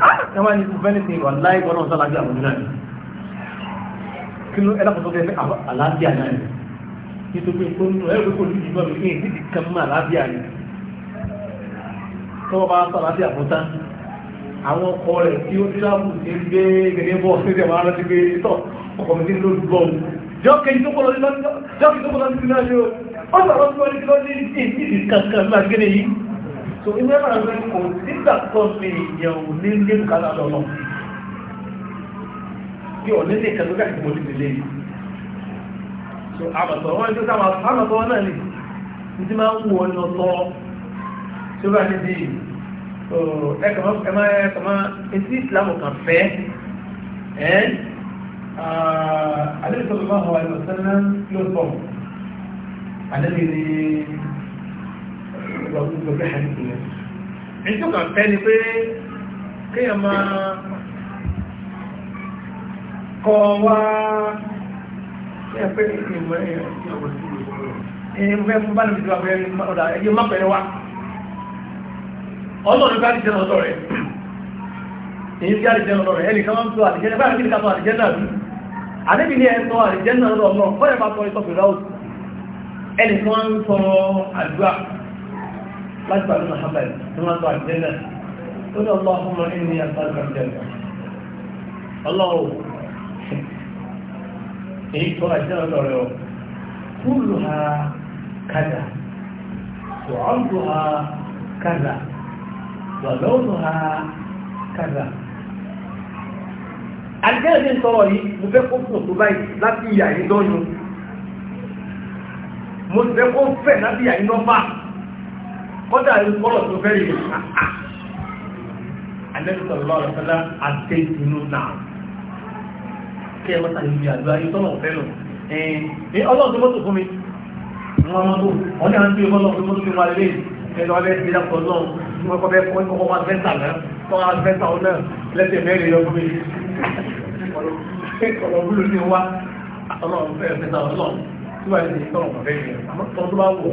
Ah! ẹwọ́n ní fẹ́ni ní ìwà láì wọ́n náà sọ́lá bí àwọn náà ni kí ló ẹ̀dá kọ́tọ́ bẹ́ẹ̀ àlàáfíà náà ni nítorí pé nínú ẹ̀rọ kò ní ìgbà mi ní ìdí kan mọ́ àlàáfíà ni tọ́wọ́ bá sọ àlàáfíà fún tán àwọn ọkọ rẹ̀ tí ó tíráàbù ti ń gbé gẹ̀gẹ́ bọ́ sí ìjọba ara ti gbé tọ́ ọkọ̀ mi ti ń lò lù bọ́ọ̀lù jọ́kejì tó kọ́ lọ sí lọ́dún jọ́kejì tó kọ́ lọ sí lọ́dún so ilé ẹ̀rọ ẹgbẹ́ kò nígbà tó mi ìyẹn ò ní ilé bùkátà lọ́nà bí ọ̀nà ilé ìkẹ́lú káàkiri mo ti lè so àmọ̀tọ̀ wọn ní ká àmọ̀tọ̀ wọn náà ni ní ti máa ń wọ ọ̀nà tọ́ tí ó bá ti di ẹ̀kọ̀mọ́ ẹ̀kọ̀mọ́ etí ìsìlámù kan fẹ́ ẹ́ àdébìtọ́ bí wọ́n hàn wà lọ́sẹ̀ náà ló sọ̀rọ̀ àdébìtọ́ lọ́gbọ́gbọ́ àìsí fẹ́ ni pé kéèyàn máa kọ́ wá ẹ̀ pé ìmọ̀ ẹ̀yẹ ìfẹ́ fún bá níbi ọ̀dà ẹ̀yẹ má pẹ̀lẹ́ wá ọlọ́run bá ti jẹ́ ọ̀dọ́ rẹ̀ èyí bí á ti jẹ́ ọ̀dọ́ rẹ̀ ẹnìkan máa ń tó àdìjẹ́ bá ní ìkàtọ̀ àdìjẹ́ náà bí àdébì ní ẹ̀tọ́ láti pàdé Muhammad tó máa tó àjẹ́nà ó ní Allahumma inni àtàkà àjẹ́nà ọlọ́wọ́ èyí tó àjẹ́nà lọ́rẹ́ ọ kúlù ha kàdà tó ọ̀dù ha kàdà wà lọ́wọ́ ha kàdà àjẹ́nà ní sọ̀rọ̀ yìí mo fẹ́ kó fún òtún báyìí láti ìyà yìí lọ́yún mo fẹ́ kó fẹ̀ láti ìyà yìí lọ́fà mọ́tà ní bọ́lọ̀ tó fẹ́ rí àlẹ́sọ̀rọ̀ ọ̀sọ́lá àtẹ́jùnú náà kí ẹ mọ́tà ní ìyàgbá ayé tọ́nà ọ̀fẹ́ lọ ẹ ọlọ́run tó mọ́tò fún mi wọn mọ́tò wọn ní àwọn tí wọn lọ́wọ́ mọ́tò fún wa lé ẹnu ọbẹ̀ ti dàpọ̀ náà tí wọ́n kọ́ bẹ́ẹ̀ kọ́ ẹ̀kọ́ wọn fẹ́ sàlẹ̀ tọ́ wọn fẹ́ sàwọn náà lẹ́sẹ̀ mẹ́rin lọ fún mi ọ̀rọ̀ wúlò ní wa ọlọ́run fẹ́ sàwọn náà tí wọ́n ti tọ́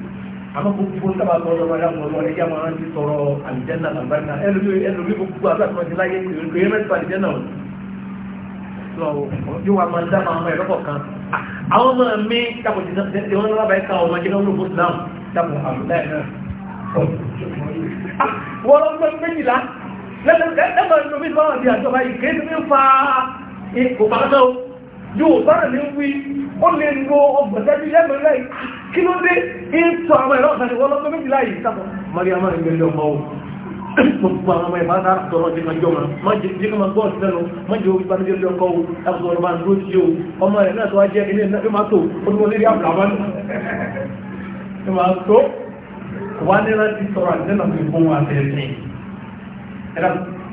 àmọ́ gbogbo sábà tó ọlọ́mọ ẹ̀yà mọ̀ lọ́wọ́ ẹ̀yà máa ń ti sọ̀rọ̀ àlìjẹ́nà àbáríkà ẹlòmí gbogbo àbáṣọ ti láyé kò yẹ mẹ́ta àlìjẹ́nà o lọ yóò wá máa dá máa mọ ẹ̀rọ kọ̀ọ̀kan àwọn ọmọ mi dàpọ̀ ti sẹ́ ti wọ́n lábàá ẹ̀ka ọmọ jẹ́ lọ́wọ́ Islam dàpọ̀ àbúláì náà wọ́n lọ́wọ́ méjìlá lẹ́nu yóò sára ní wí ó lè lo ọgbọ̀tẹ́jú lẹ́gbẹ̀ẹ́ láì kí ló dé ìtọ̀ àwọn ẹ̀rọ ọ̀sán ìwọ́n lọ́gbẹ́ méjìlá yìí sábọ̀ maria mara ń gbẹ̀lẹ̀ ọmọ gbogbo àwọn ọmọ ìbá ta sọ̀rọ̀ jẹ́kànjọ́ ma má jẹ́ jẹ́ ma gbọ́ ọ̀sẹ̀ lọ má jẹ́ orí ìbánijẹ́ lé ọkọ̀ ẹ̀kọ́ ọ̀rọ̀ máa ń dúró sí ọmọ rẹ̀ náà tó wá jẹ́ ilé náà máa tó olúwo lérí àbùlàbá ní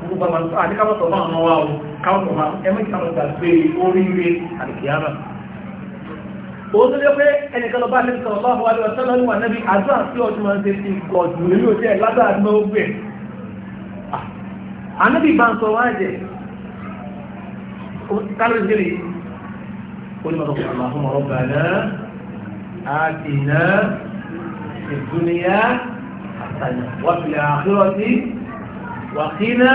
gbogbo àwọn àti àdíkàmọ̀tọ̀ máa ń wá o káwọ̀tọ̀ máa ẹmẹ́kì àwọn ìgbà pé oríire àdìkìyàmà ó tó lé pé ẹnìkan lọ bá ṣe sọ̀rọ̀ bá wà lọ sọ́lọ́ níwà nẹ́bí àjọ àti ọdún máa ń ṣe ti gọ̀dù lórí òjì ẹ̀ lágbára ní ó gbẹ̀ ànábì bá ń sọ wá jẹ kálọ̀ wọ́n fi àkírọ̀ sí wàkínà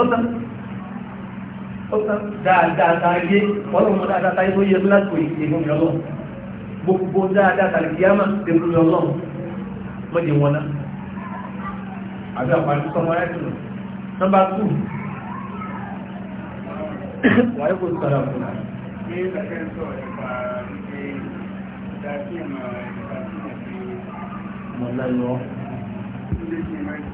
ọ̀tá ọ̀tá dáadáa táyé ọlọ́run dáadáa táyé tó yẹ lásìkò ìgbìmọ̀ ìrọ̀lọ́ gbogbo dáadáa tàbí kíámà tẹ̀lú ìrọ̀lọ́ mọ́jẹ wọn náà àbí àpàdé sọmọ ẹ̀kùn nọ́mbà 2 wáyé kò sọ́dọ̀ fún wa. ní ìlàkẹ́ sọ̀rọ̀ nípa wípé ìdájí ìmọ̀ ìgbà tí mo fi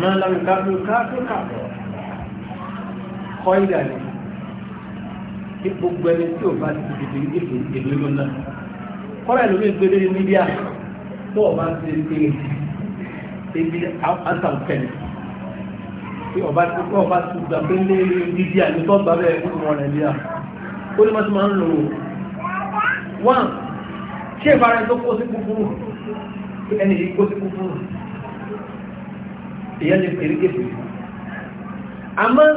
máa lámì káfíò káfíò káfọ̀ kọ́ ìdà ni kí gbogbo ẹni tí ò bá ti tètè ní ètò èlò ló náà kọ́ra ìlú mi gbé lórí mídíà tó o bá ti ṣe ebi àtàkùnkẹ́ni tí ọba tí ọba tí gbà kau lé mídíà ní tọ́gbà bẹ́ẹ̀ fún ọmọ nàìjíríà ó ní wọ́n ti máa ń lò wọ́n ṣé ìbára ẹni tó kó sí kúkúrú ẹni yìí kó sí kúkúrú ìyẹn lè pèrè kéfì àmọ́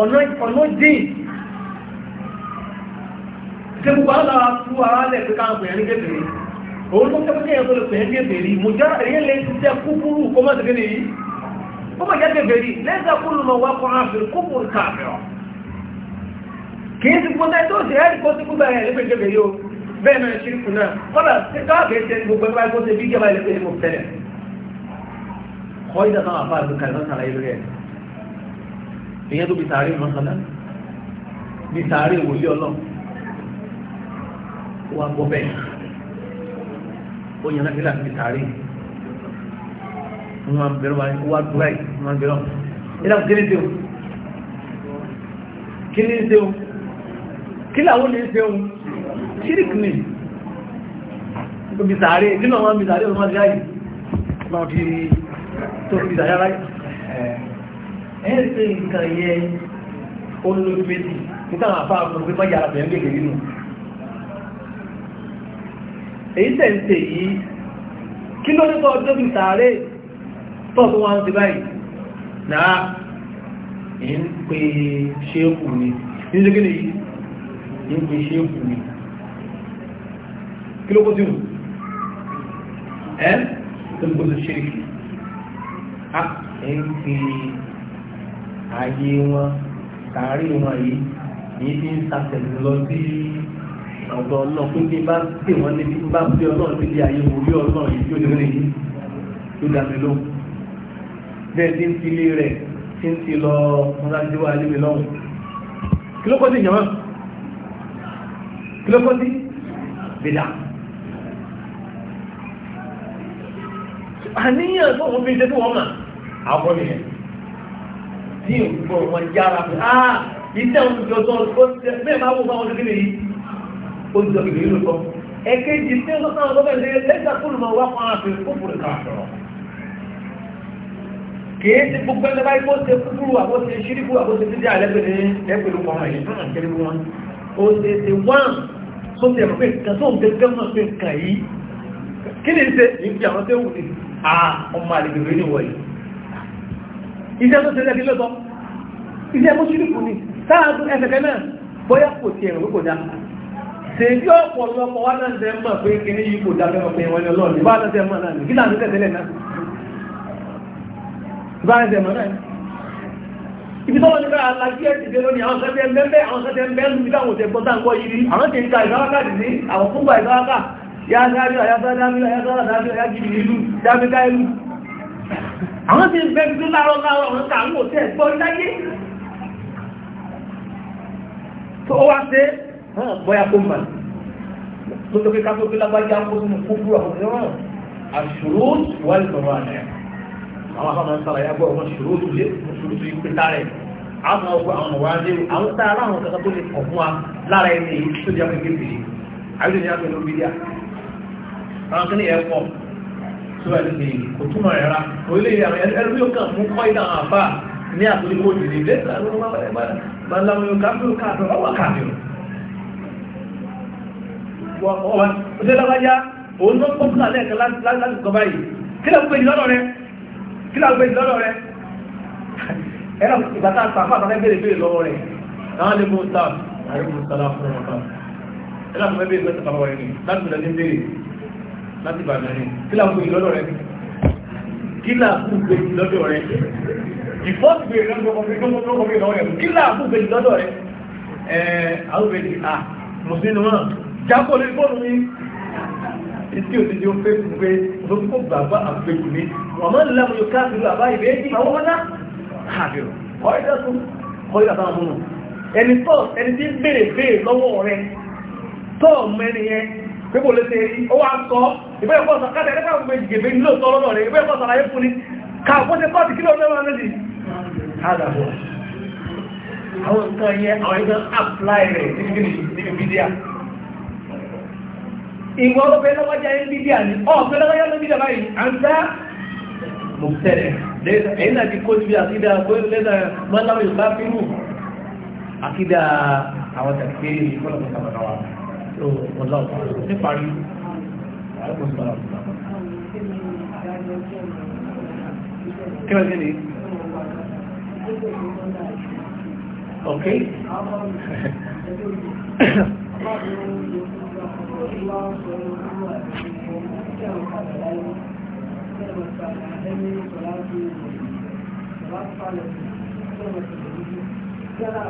ọ̀nà dín ṣe gbogbo alára tú ara lẹ̀ pé káwọn pèrè ní kéfì òun tó kẹ́kẹ́ kéèyàn tó lè pèrè kéfì rí mo já èyí lè ṣiṣẹ́ kúkúrú kó má ṣe kéde yìí ó mọ̀ jáde bèrè lẹ́sà kúrò lọ wá kọ́ àfẹ́ kúkúrú káàfẹ́ kì í ti gbọ́dọ̀ tó ṣe ẹ́ bẹ́ẹ̀ náà ṣírkù náà kọ́lá tí káàkiri ṣe ní gbogbo ẹgbẹ́ kó ṣe bí jẹba ilẹ̀ pẹ̀lú mọ̀tẹ́lẹ̀ kọ́ ìdá náà àbá àdúgbò kan náà ṣàlàyé lórí ẹ̀ ìyẹn tó bí sàárè mọ́sálá bí sàárè wòlíì ọlọ́ wà gbọ́ bẹ́ẹ̀ ó yẹn náà fi láti bí sàárè wọn bẹ̀rẹ̀ wá dúrà yìí kí ni ṣe o kí ni ṣe o kí làwọn ní ṣe o ṣírík ní ibi sàárè nínú àwọn ibi sàárè ọmọdé láyé máa fi tó ibi sàárè láyé ẹ̀ẹ́sẹ̀ nǹkan yẹ olóògbèdì nígbà àfáà fún pé má yàrá bẹ̀rẹ̀ gẹ̀gẹ̀ nínú èyí tẹ̀ǹtẹ̀ yìí kí ló ní tọ́jú ibi sàárè tọ́ọ̀tún wá ń ti báyìí kí ló kó sí wù ẹ́ tó kó sí ṣíríkì á ẹ̀ ń fi ààyè wọn tààrí wọn yìí èyí tí ń sàtẹ̀lẹ̀ lọ sí ọ̀dọ̀ náà pé bí bá pè wọ́n níbi bá pè ọlọ́run níbi ààyè orí ọlọ́run yìí tó dẹ́rẹ́ yìí tó dàmí lóhùn bẹ́ẹ̀ tí ń fi àníyàn tó wọ́n fi ṣe tí wọ́n mà àbọ̀ nìyẹn tí òkúkọ wọn yára pé á ah, iṣẹ́ òun jọ sọ bẹ́ẹ̀ máa wò bá wọn kékeré yìí ó jọ kékeré ló sọ ẹ̀kejì tí ó sáwọn gọ́ọ̀mẹ̀ ṣe lẹ́gbà fún ọmọ wá fún ààfin kúfùrù káàkiri kìí ti gbogbo ẹgbẹ́ báyìí kó ṣe kúfùrù àbó ṣe ṣíríkù àbó ṣe títí àlẹ́gbẹ̀rẹ̀ ẹgbẹ̀rún kan wọ̀nyí fún àkẹrẹ wọn ó ṣe ṣe wọ́n tó ṣe ẹ̀mọ́ pé nǹkan tó ń gẹ́gẹ́ mọ̀ pé nǹkan yìí kí ni ṣe ìfi àwọn tó wù ní ọmọ àdìgbèrè ní wọ̀nyí iṣẹ́ tó tẹ́lẹ̀ nílò tọ́ iṣẹ́ mọ́ṣílùkù ni sáàtù ẹ̀fẹ̀kẹ́ náà bóyá kò tí ẹ̀rọ kò dá ṣe bí ọ̀pọ̀lọpọ̀ wá náà ṣe mọ̀ pé kí ní yìí kò dá fẹ́ràn pé wọ́n ní ọlọ́ọ̀ni bá náà ṣe mọ̀ náà nìkí náà ṣe tẹ́lẹ̀ náà bá ṣe mọ̀ náà ibi tọ́wọ́ ní bẹ́ẹ̀ alájú ẹ̀ ti dé lónìí àwọn sẹ́tẹ̀ ń bẹ́ẹ̀ àwọn sẹ́tẹ̀ ń bẹ́ẹ̀ lùmí ya dábí ọ̀yátọ́ dábí ọ̀yátọ́ dábí ọ̀yájú ìlú dábí káìlú àwọn tí ń bẹ́ tí láàrọ̀ láàrọ̀ ọ̀rọ̀ tààrù òtẹ́ ẹ̀gbọ́ ìdáyé tó wá sí bọ́yá kó mà tó tó kíká tó kílá bájá kó sínú kúkú àwọn ìran àṣòro ìwádìí sọ̀rọ̀ àná àwọn afọ́nà sára ya gbọ́ ọ̀rọ̀ ṣòro tó lé ṣòro tó pé tá rẹ̀ àwọn ọgbọ́ àwọn ọ̀wá lé àwọn tá aláwọn kankan tó lè kọ̀ fún wa lára ẹni tó jẹ́ pé kékeré àyíkò ní àpẹẹrẹ òbí díà àwọn kí ní ẹ̀pọ̀ tó ẹ̀ ní kò túmọ̀ rẹ̀ rá orílẹ̀ ẹ̀rọ yóò kàn mú kọ́ ìdá àwọn àfà ní àtúndì kò jìnnì lẹ́sẹ̀ àwọn ọmọ ìlànà káàbí ó káàbí ọwọ́ káàbí ọwọ́ ọ̀sẹ̀ lọ́wọ́já òun ló pọ̀ sílẹ̀ lẹ́ẹ̀kan láti kọ báyìí kí ló gbé ìlọ́rọ̀ rẹ kí ló gbé ìlọ́rọ̀ rẹ ẹ̀rọ ìgbàtà àpapọ̀ àtàkẹ́ bèrè bèrè lọ́wọ́ rẹ̀ àwọn lè mú sáà àríwú sálá fún ọmọ kan ẹ̀rọ ìgbàtà àpapọ̀ rẹ̀ láti bẹ̀rẹ̀ láti ìbàdàn ni kí làwọn gbé lọ́dọ̀ rẹ kí làwọn gbé lọ́dọ̀ rẹ ìfọ́sì gbé lọ́dọ̀ rẹ kí làwọn gbé lọ́dọ̀ rẹ ẹ̀ẹ́ àwọn gbé ní à mùsùlùmí náà jákò lórí fóònù mi ìtí òsì tí ó fẹ́ fún pé olókùnkùn bàbá àgbègbè mi wọ́n máa ń lámú yóò káàkiri àbá ìbẹ́ ẹ̀jì àwọn ọmọ náà àbẹ̀rù ọ̀rẹ́dá tó kọ́lé àtàwọn ọmọ ẹni tọ́ ẹni tí ń béèrè béèrè lọ́wọ́ rẹ tọ́ mẹ́rin yẹn pé kò lè ṣe ọwọ́ àkọ́ ìbẹ́ ẹ̀kọ́ sọ káàdì ẹ̀kọ́ àwọn méjì gèbè nílò sọ lọ́dọ̀ rẹ̀ ìbẹ́ ẹ̀kọ́ sọ ayé fún ni ká bó ṣe pàtì kílò lọ́wọ́ méjì apply rẹ̀ níbi bídíà ìwọ ọlọ́pẹ́ lọ́wọ́já yẹn bídíà ni ọ̀pẹ́ lọ́wọ́já lọ́ bídíà báyìí à ń sá mọ̀tẹ́rẹ̀ ẹ̀yìn àti kó níbi àkídà bóyá lẹ́dà mọ́láwọ̀ yorùbá fírù àkídà àwọn tàbí kéré ìfọ́lọ́pọ̀ sàmàlà wa kí wọ́n sí ni ok Yára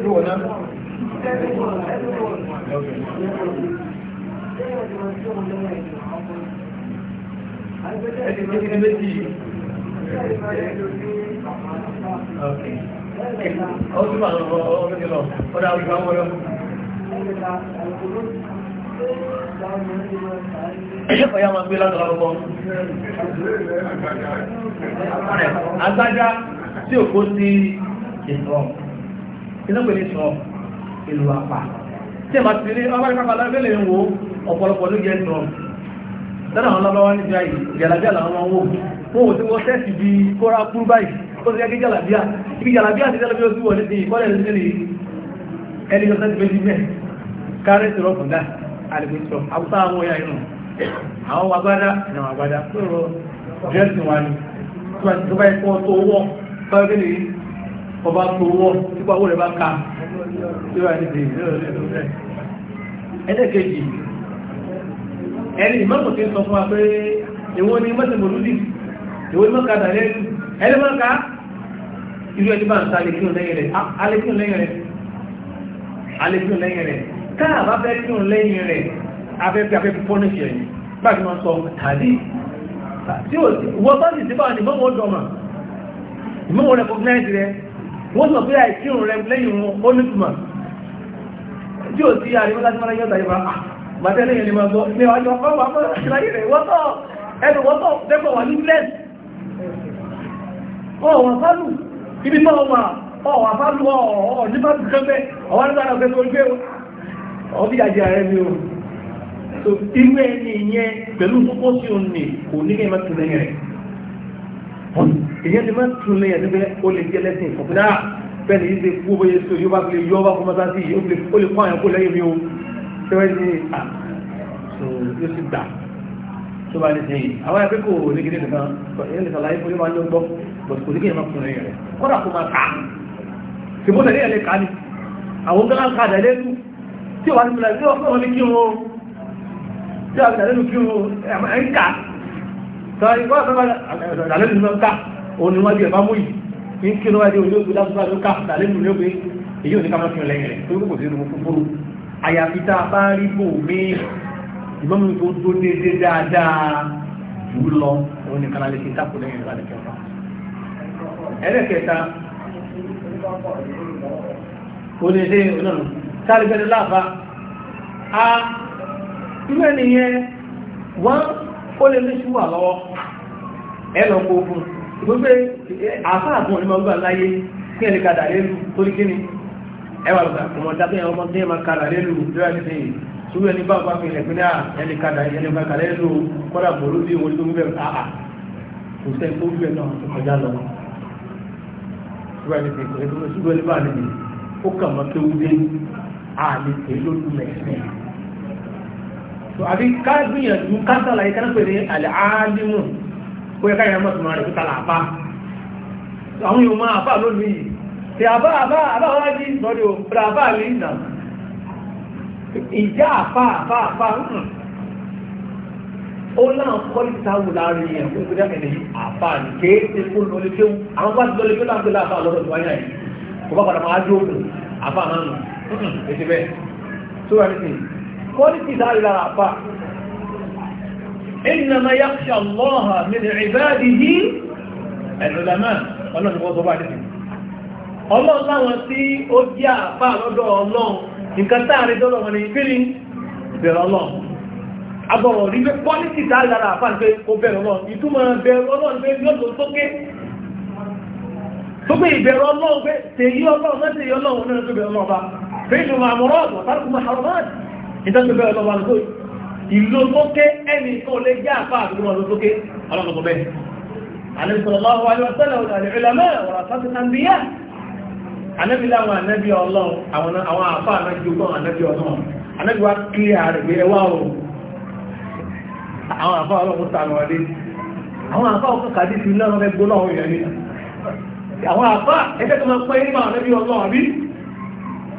ló wọ̀ná. Ẹni tí ní méjì ọdún máa lọ ọdún lọ ọdún àwùjọ àwọn ọlọ́. Ọya máa gbé lọ́dọ̀ ọgbọ́. Agbájá tí ò kó sí ìtọ́ ìlọ́pẹ̀ ní sọ ìlú àpá tí ẹ̀mà ti rí ọmọ ìpapà lábẹ́lẹ̀ ń wo ọ̀pọ̀lọpọ̀ ló jẹ́ sọ dáná àwọn lọ́wọ́ ní bí i jàlábíà làwọn máa ń wò wọ́n wò tí wọ́n tẹ́sì bí kóra kúrú báyìí ó ti gẹ́gẹ́ jàlábíà ibi jàlábíà ti tẹ́lẹ̀ bí ó sì wọ̀ níbi ìkọ́lẹ̀ nítorí ẹni tó sẹ́ni méjì mẹ́ kárẹ́ ti rọ́pù dá àdìgbò sọ àwùsá àwọn ọ̀yà inú àwọn agbádá ìrìn àgbádá pẹ̀lú ọba tó wọ́ nípa owó rẹ̀ bá ká ẹ̀ẹ́dẹ̀kejì ẹni ìmọ́kùn tí ń sọ fún wa pé ìwọ́n ni mọ́sẹ̀mọ̀lúdì ìwọ́n mọ́kàdà lẹ́nu ẹni mọ́ká ìlú ẹni bá ń sa alẹ́kíun lẹ́yìn rẹ̀ ah, alẹ́kíun lẹ́yìn rẹ̀ alẹ́kíun lẹ́yìn rẹ̀ káà bá fẹ́ kíun lẹ́yìn rẹ̀ afẹ́fẹ́ afẹ́fẹ́ pọ́nìṣì ẹ̀yìn gbàgbé wọn sọ tàdé tí ó wọ́n bá sì sí bá ní wọ́n sọ pé àìkírun rẹ̀ lẹ́yìn wọn ó ní túmọ̀ tí ó, sí àríwọ́lá ah, tí wọ́n láyé ọ̀tà ìbá bàtẹ́ lẹ́yìn ni máa gbọ́ ní ọjọ́ fọ́nbà fọ́nbà láyé rẹ̀ wọ́tọ̀ ẹnu wọ́tọ̀ dẹ́kọ̀ wà ní bless ọ̀wọ̀n fálù ibi tó wà ọ̀wà fálù ọ̀ọ̀ nípa gbẹ́gbẹ́ ọ̀wà nípa ọ̀gbẹ́ tó gbé ọ̀bí àjẹ́ rẹ̀ ni o inú ẹni ìyẹn pẹ̀lú tó kó sí òun ni kò ní kí ẹ má tún lẹ́yìn rẹ̀ èyàn ti máa ń tún lẹ́yìn ẹ̀dẹ́gbẹ́ ó lè jẹ́ lẹ́sìn ìfọ̀kúnná ah, bẹ́ẹ̀ni yìí ṣe kú bóyá so yóò bá fi lè yọ ọba fún mọ́tà sí yìí ó lè kọ́ àyàn kó lẹ́yìn mi o tẹ́wẹ́ ní à ah, yóò sì gbà tó bá lè ṣe yìí àwọn ẹgbẹ́ kò ní gidi nìkan èyàn lè ṣàlàyé fún yóò máa ń lọ gbọ́ bọ̀t kò ní kí èyàn máa tún lẹ́yìn rẹ̀ kọ́dà kó máa kà á ṣùgbọ́n tẹ̀lé ẹ̀lẹ́ kà á ni àwọn gbọ́dá ń ka àdá lẹ́nu tí ò bá ti sọ́rí wọ́n sọ́rọ̀ àlẹ́lù ló ká òun ni wọ́n di ẹ̀bá mú yìí kí n kíró wáyé olóògbé lásán ló ká àlẹ́lù ló gbé èyí ò ní ká máa fi hàn lẹ́yìn rẹ̀ tó kò sí inú fúfúrú àyàfi tá a bá rí bò mí ìmọ̀mù tó tó dédé dáadáa jù lọ òun ni kálá lè fi tápò lẹ́yìn rẹ̀ lálẹ́ kẹta ẹlẹ́kẹta onídé onáà sáré bẹ́ẹ̀ láàbá a irú ẹni yẹn wọ́n ó lè ní ṣúwà lọ́wọ́ ẹ̀lọ kókún gbogbo àfáàgùn ní ọgbà láyé kí ẹni kàdà lélu torí kí ni ẹwà lọ́gbà ọmọ dábẹ́ ẹ̀wọ̀n ọmọdé ẹ̀mà kàdà lélu lọ́wọ́ ẹni tẹ́yìn ṣúwẹ́ ẹni bá bá fi ilẹ̀ pé náà ẹni kàdà ẹni bá kàdà lélu kọ́dà bòrú bí wọn tó ń bẹ̀rù àà kò sẹ́ tó bẹ̀ náà tó kọjá lọ ṣúwẹ́ ẹni tẹ́yìn ṣúwẹ́ ẹni bá àbí ká gbìyànjú ká sàlàyé ká náà pè ní àlìáàlìmù ó yẹ káyà mọ́tò máa rẹ̀ kó tààlà àbá àwọn yóò máa àbá lónìí yìí tí àbá àbá àbá wá jí sọ́dọ̀ ọ̀dọ̀ àbá mi nà ìjà àfá àfá àfá hàn ó láwọn kọ́lì táwù láàrin yẹn fún ìgbéjà ẹ̀lẹ́ yìí àfá ní kéèké fún lórí kéwù àwọn bá ti lórí kéwù láti lórí quality dáre lára àpá innama yakhsha Allaha min ibadihi al-ulama ọlọ́run wọ́n tó bá dé ọlọ́run láwọn tí ó jẹ́ àpá lọ́dọ̀ ọlọ́run nǹkan táàrin tó lọ́wọ́ ni ìpínlẹ̀ ìbẹ̀rẹ̀ ọlọ́run agbọ̀rọ̀ rí pé quality dáre lára àpá ní pé kó bẹ̀rẹ̀ ọlọ́run ìtumọ̀ bẹ̀rẹ̀ ọlọ́run pé yóò tó pé ìbẹ̀rẹ̀ ọlọ́run pé tèyí ọlọ́run mẹ́tẹ̀yí ọlọ́run náà tó bẹ̀rẹ̀ ọlọ́run bá fẹ́ẹ̀lú màmúrọ̀ ọ̀tọ̀ ìtọ́jú bẹ́ẹ̀ lọ́wọ́ àlùkò ìlú tókè ẹni tó lè jẹ́ àfà àdúgbò wọn tókè ọlọ́pọ̀ bẹ́ẹ̀ alẹ́sọ̀lọ́wọ́ alẹ́sọ̀lọ́ alẹ́sọ̀lọ́ alẹ́sọ̀lọ́ anẹ́bílá àwọn anẹ́bí ọlọ́run àwọn àfà anẹ́bí ọgbọ́n anẹ́bí ọlọ́run anẹ́bí wá kí àrẹ̀gbẹ̀ ẹwà ọ̀rọ̀ àwọn àfà ọlọ́run tààrà wọlé àwọn àfà ọkọ̀ kàdí sí lọ́rọ̀ ẹgbọ́n ọ̀rọ̀ ìrẹ̀lẹ́ àwọn àfà ẹgbẹ́ tó máa pẹ́ nígbà anẹ́bí ọlọ́run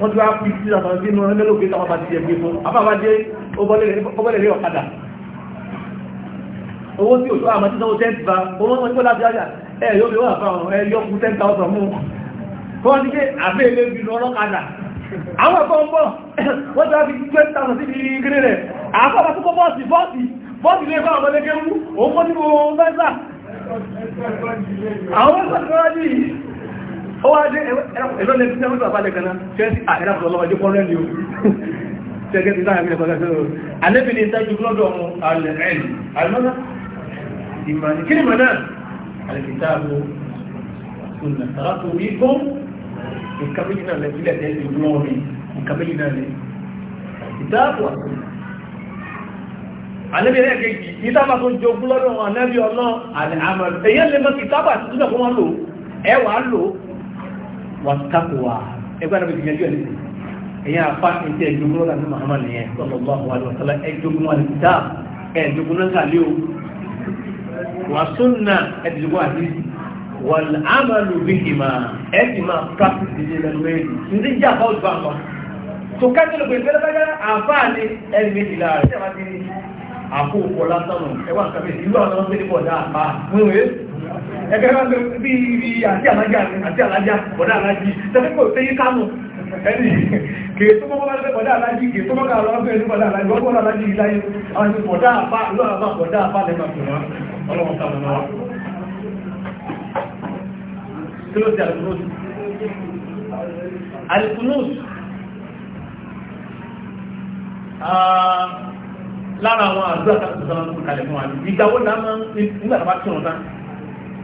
wọ́n tí wá fi sí àwọn sínú ẹlẹ́lógé táwọn bá ti ẹgbẹ́ fún afáwádé ọbọ̀lẹ̀lẹ́ ọ̀kadà owó tí òṣọ́ àmà tí sọ́wọ́ tẹ́ntì bá owó wọn tí wọ́n láti ayà ẹ̀ yóò bí wọ́n àfáwọn ẹ yọkù 10,000 mú wọ́n ti gé àfẹ́ ilé bí lọ́rọ́kadà àwọn ẹ̀kọ́ ń bọ̀ wọ́n tí wá fi 20,000 sí ìrìn gírí rẹ̀ àkọ́bà tó kọ́ bọ́ọ̀sì bọ́ọ̀sì bọ́ọ̀sì lé fáwọn ọmọdé kéwú òun kọ́ nínú mẹ́sà àwọn ẹ̀kọ́ ó wá dé ẹ̀rọ lè fi sẹ́wọ́n tó àbálẹ̀ kan náà ṣe é sí àìrà fún ọlọ́wọ́ ẹjọ́ kọ́rẹ́ ni ó ṣẹ́gẹ́ ti sáà mílẹ̀ kọ́sẹ́ sọ́rọ̀ alẹ́bí ni ìtajú lọ́dọ̀ ọmọ alẹ́ ẹ̀rì alọ́nà ìmọ̀ni kí ni mọ̀ náà alẹ́kìtàbù sunna sàrátù wíkọ́ nǹkan méjì náà lẹ́sílẹ̀ tẹ́lẹ̀ lọ́rin nǹkan méjì náà lẹ́ ìtàbù àtúnà alẹ́bí ẹ̀rẹ́ kejì wàtàkùwà ẹgbẹ́ àdàbẹ̀ ìgbìyànjú ẹ̀ nìyí ẹ̀yìn afá ẹ̀jẹ̀ ìjogún lọ́la ní Muhammad nìyẹn sallallahu alaihi wasallam ẹ̀jogún wọn dá ẹ̀jogún náà kàlẹ́ o wà sunna ẹ̀jogún àti wal amalu bihima ẹgbẹ́ wọn lọ bí i àti alájà àti alájà bọ̀dá alájì tẹ́lẹ́kọ̀ tẹ́yí kánù ẹni kìí tó mọ́ bọ́dá alájì kìí tó mọ́ ká lọ́wọ́ pẹ̀lú bọ́dá alájì wọ́n bọ́dá alájì láyé àwọn ti bọ̀dá àpá lọ́wọ́ bọ̀dá àpá lẹ́gbà fún wa ọlọ́wọ́n ká mọ́ wa kí ló ti àlùkùnúùsù àlùkùnúùsù lára àwọn àdúrà tàbí sọ́nà tó kalẹ̀ fún wa ìgbàwó náà nígbà tàbá tí wọ́n náà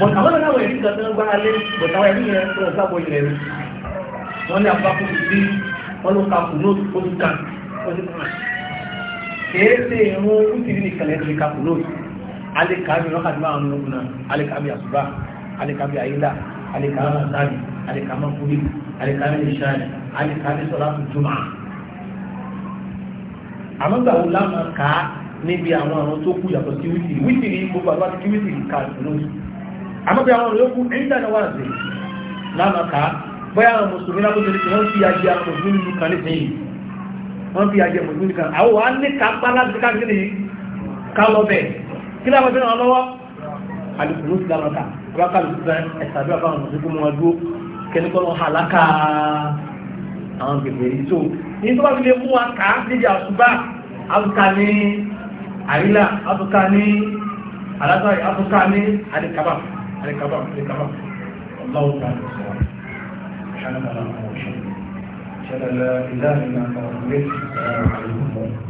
but àwọn náà wọ̀ ẹ̀rí kan tó ń gbára lé but àwọn ẹ̀rí yẹn tó ń sábò ilẹ̀ rẹ̀ wọ́n ní àpapọ̀ sí wọ́n ló ka kùnú oṣù kan oṣù kan kìí ṣe ìrún oṣù ní ìkàlẹ̀ ti ka kùnú alẹ́kàámi lọ́kàtí máa ń lò náà alẹ́kàámi àṣùbà alẹ́kàámi àyílà alẹ́kàámi àṣàbì alẹ́kàámi àkúrí alẹ́kàámi ìṣàlẹ̀ alẹ́kàámi sọ̀rọ̀ àtúntúmọ̀ àmọ́ gbà wo láwọn kà á níbi àwọn àwọn tó kú yàtọ̀ sí wítìrì wítìrì gbogbo àgbà tí wítìrì kà lóṣù àmọ́bí àwọn olóòkú ẹ̀yìndàna wà sí lámàká bóyá àwọn mùsùlùmí lábójúrí tí wọ́n fi àjẹ àwọn mùsùlùmí nìkan kan nísìnyí wọ́n fi àjẹ mùsùlùmí nìkan àwọn wà ní kápá láti káàkiri ká lọ bẹ̀ kí láwọn fi ràn lọ́wọ́ alùpùpù sí lámàká wọ́n ká lùpùpù ẹ̀sàbí àbáwọn mùsùlùmí wọn dúró kẹ́nìkan lọ àlákà àwọn gbèbèrè so ní tó bá fi lè mú wa kà á níbi àṣùbà àbùkà ní àrílà àbùkà ní alásàrí àbùkà ní àdìkábà عليك بقى عليك بقى الله تعالى الصواب سبحانك اللهم وبحمدك اشهد ان لا اله الا انت استغفرك واتوب اليك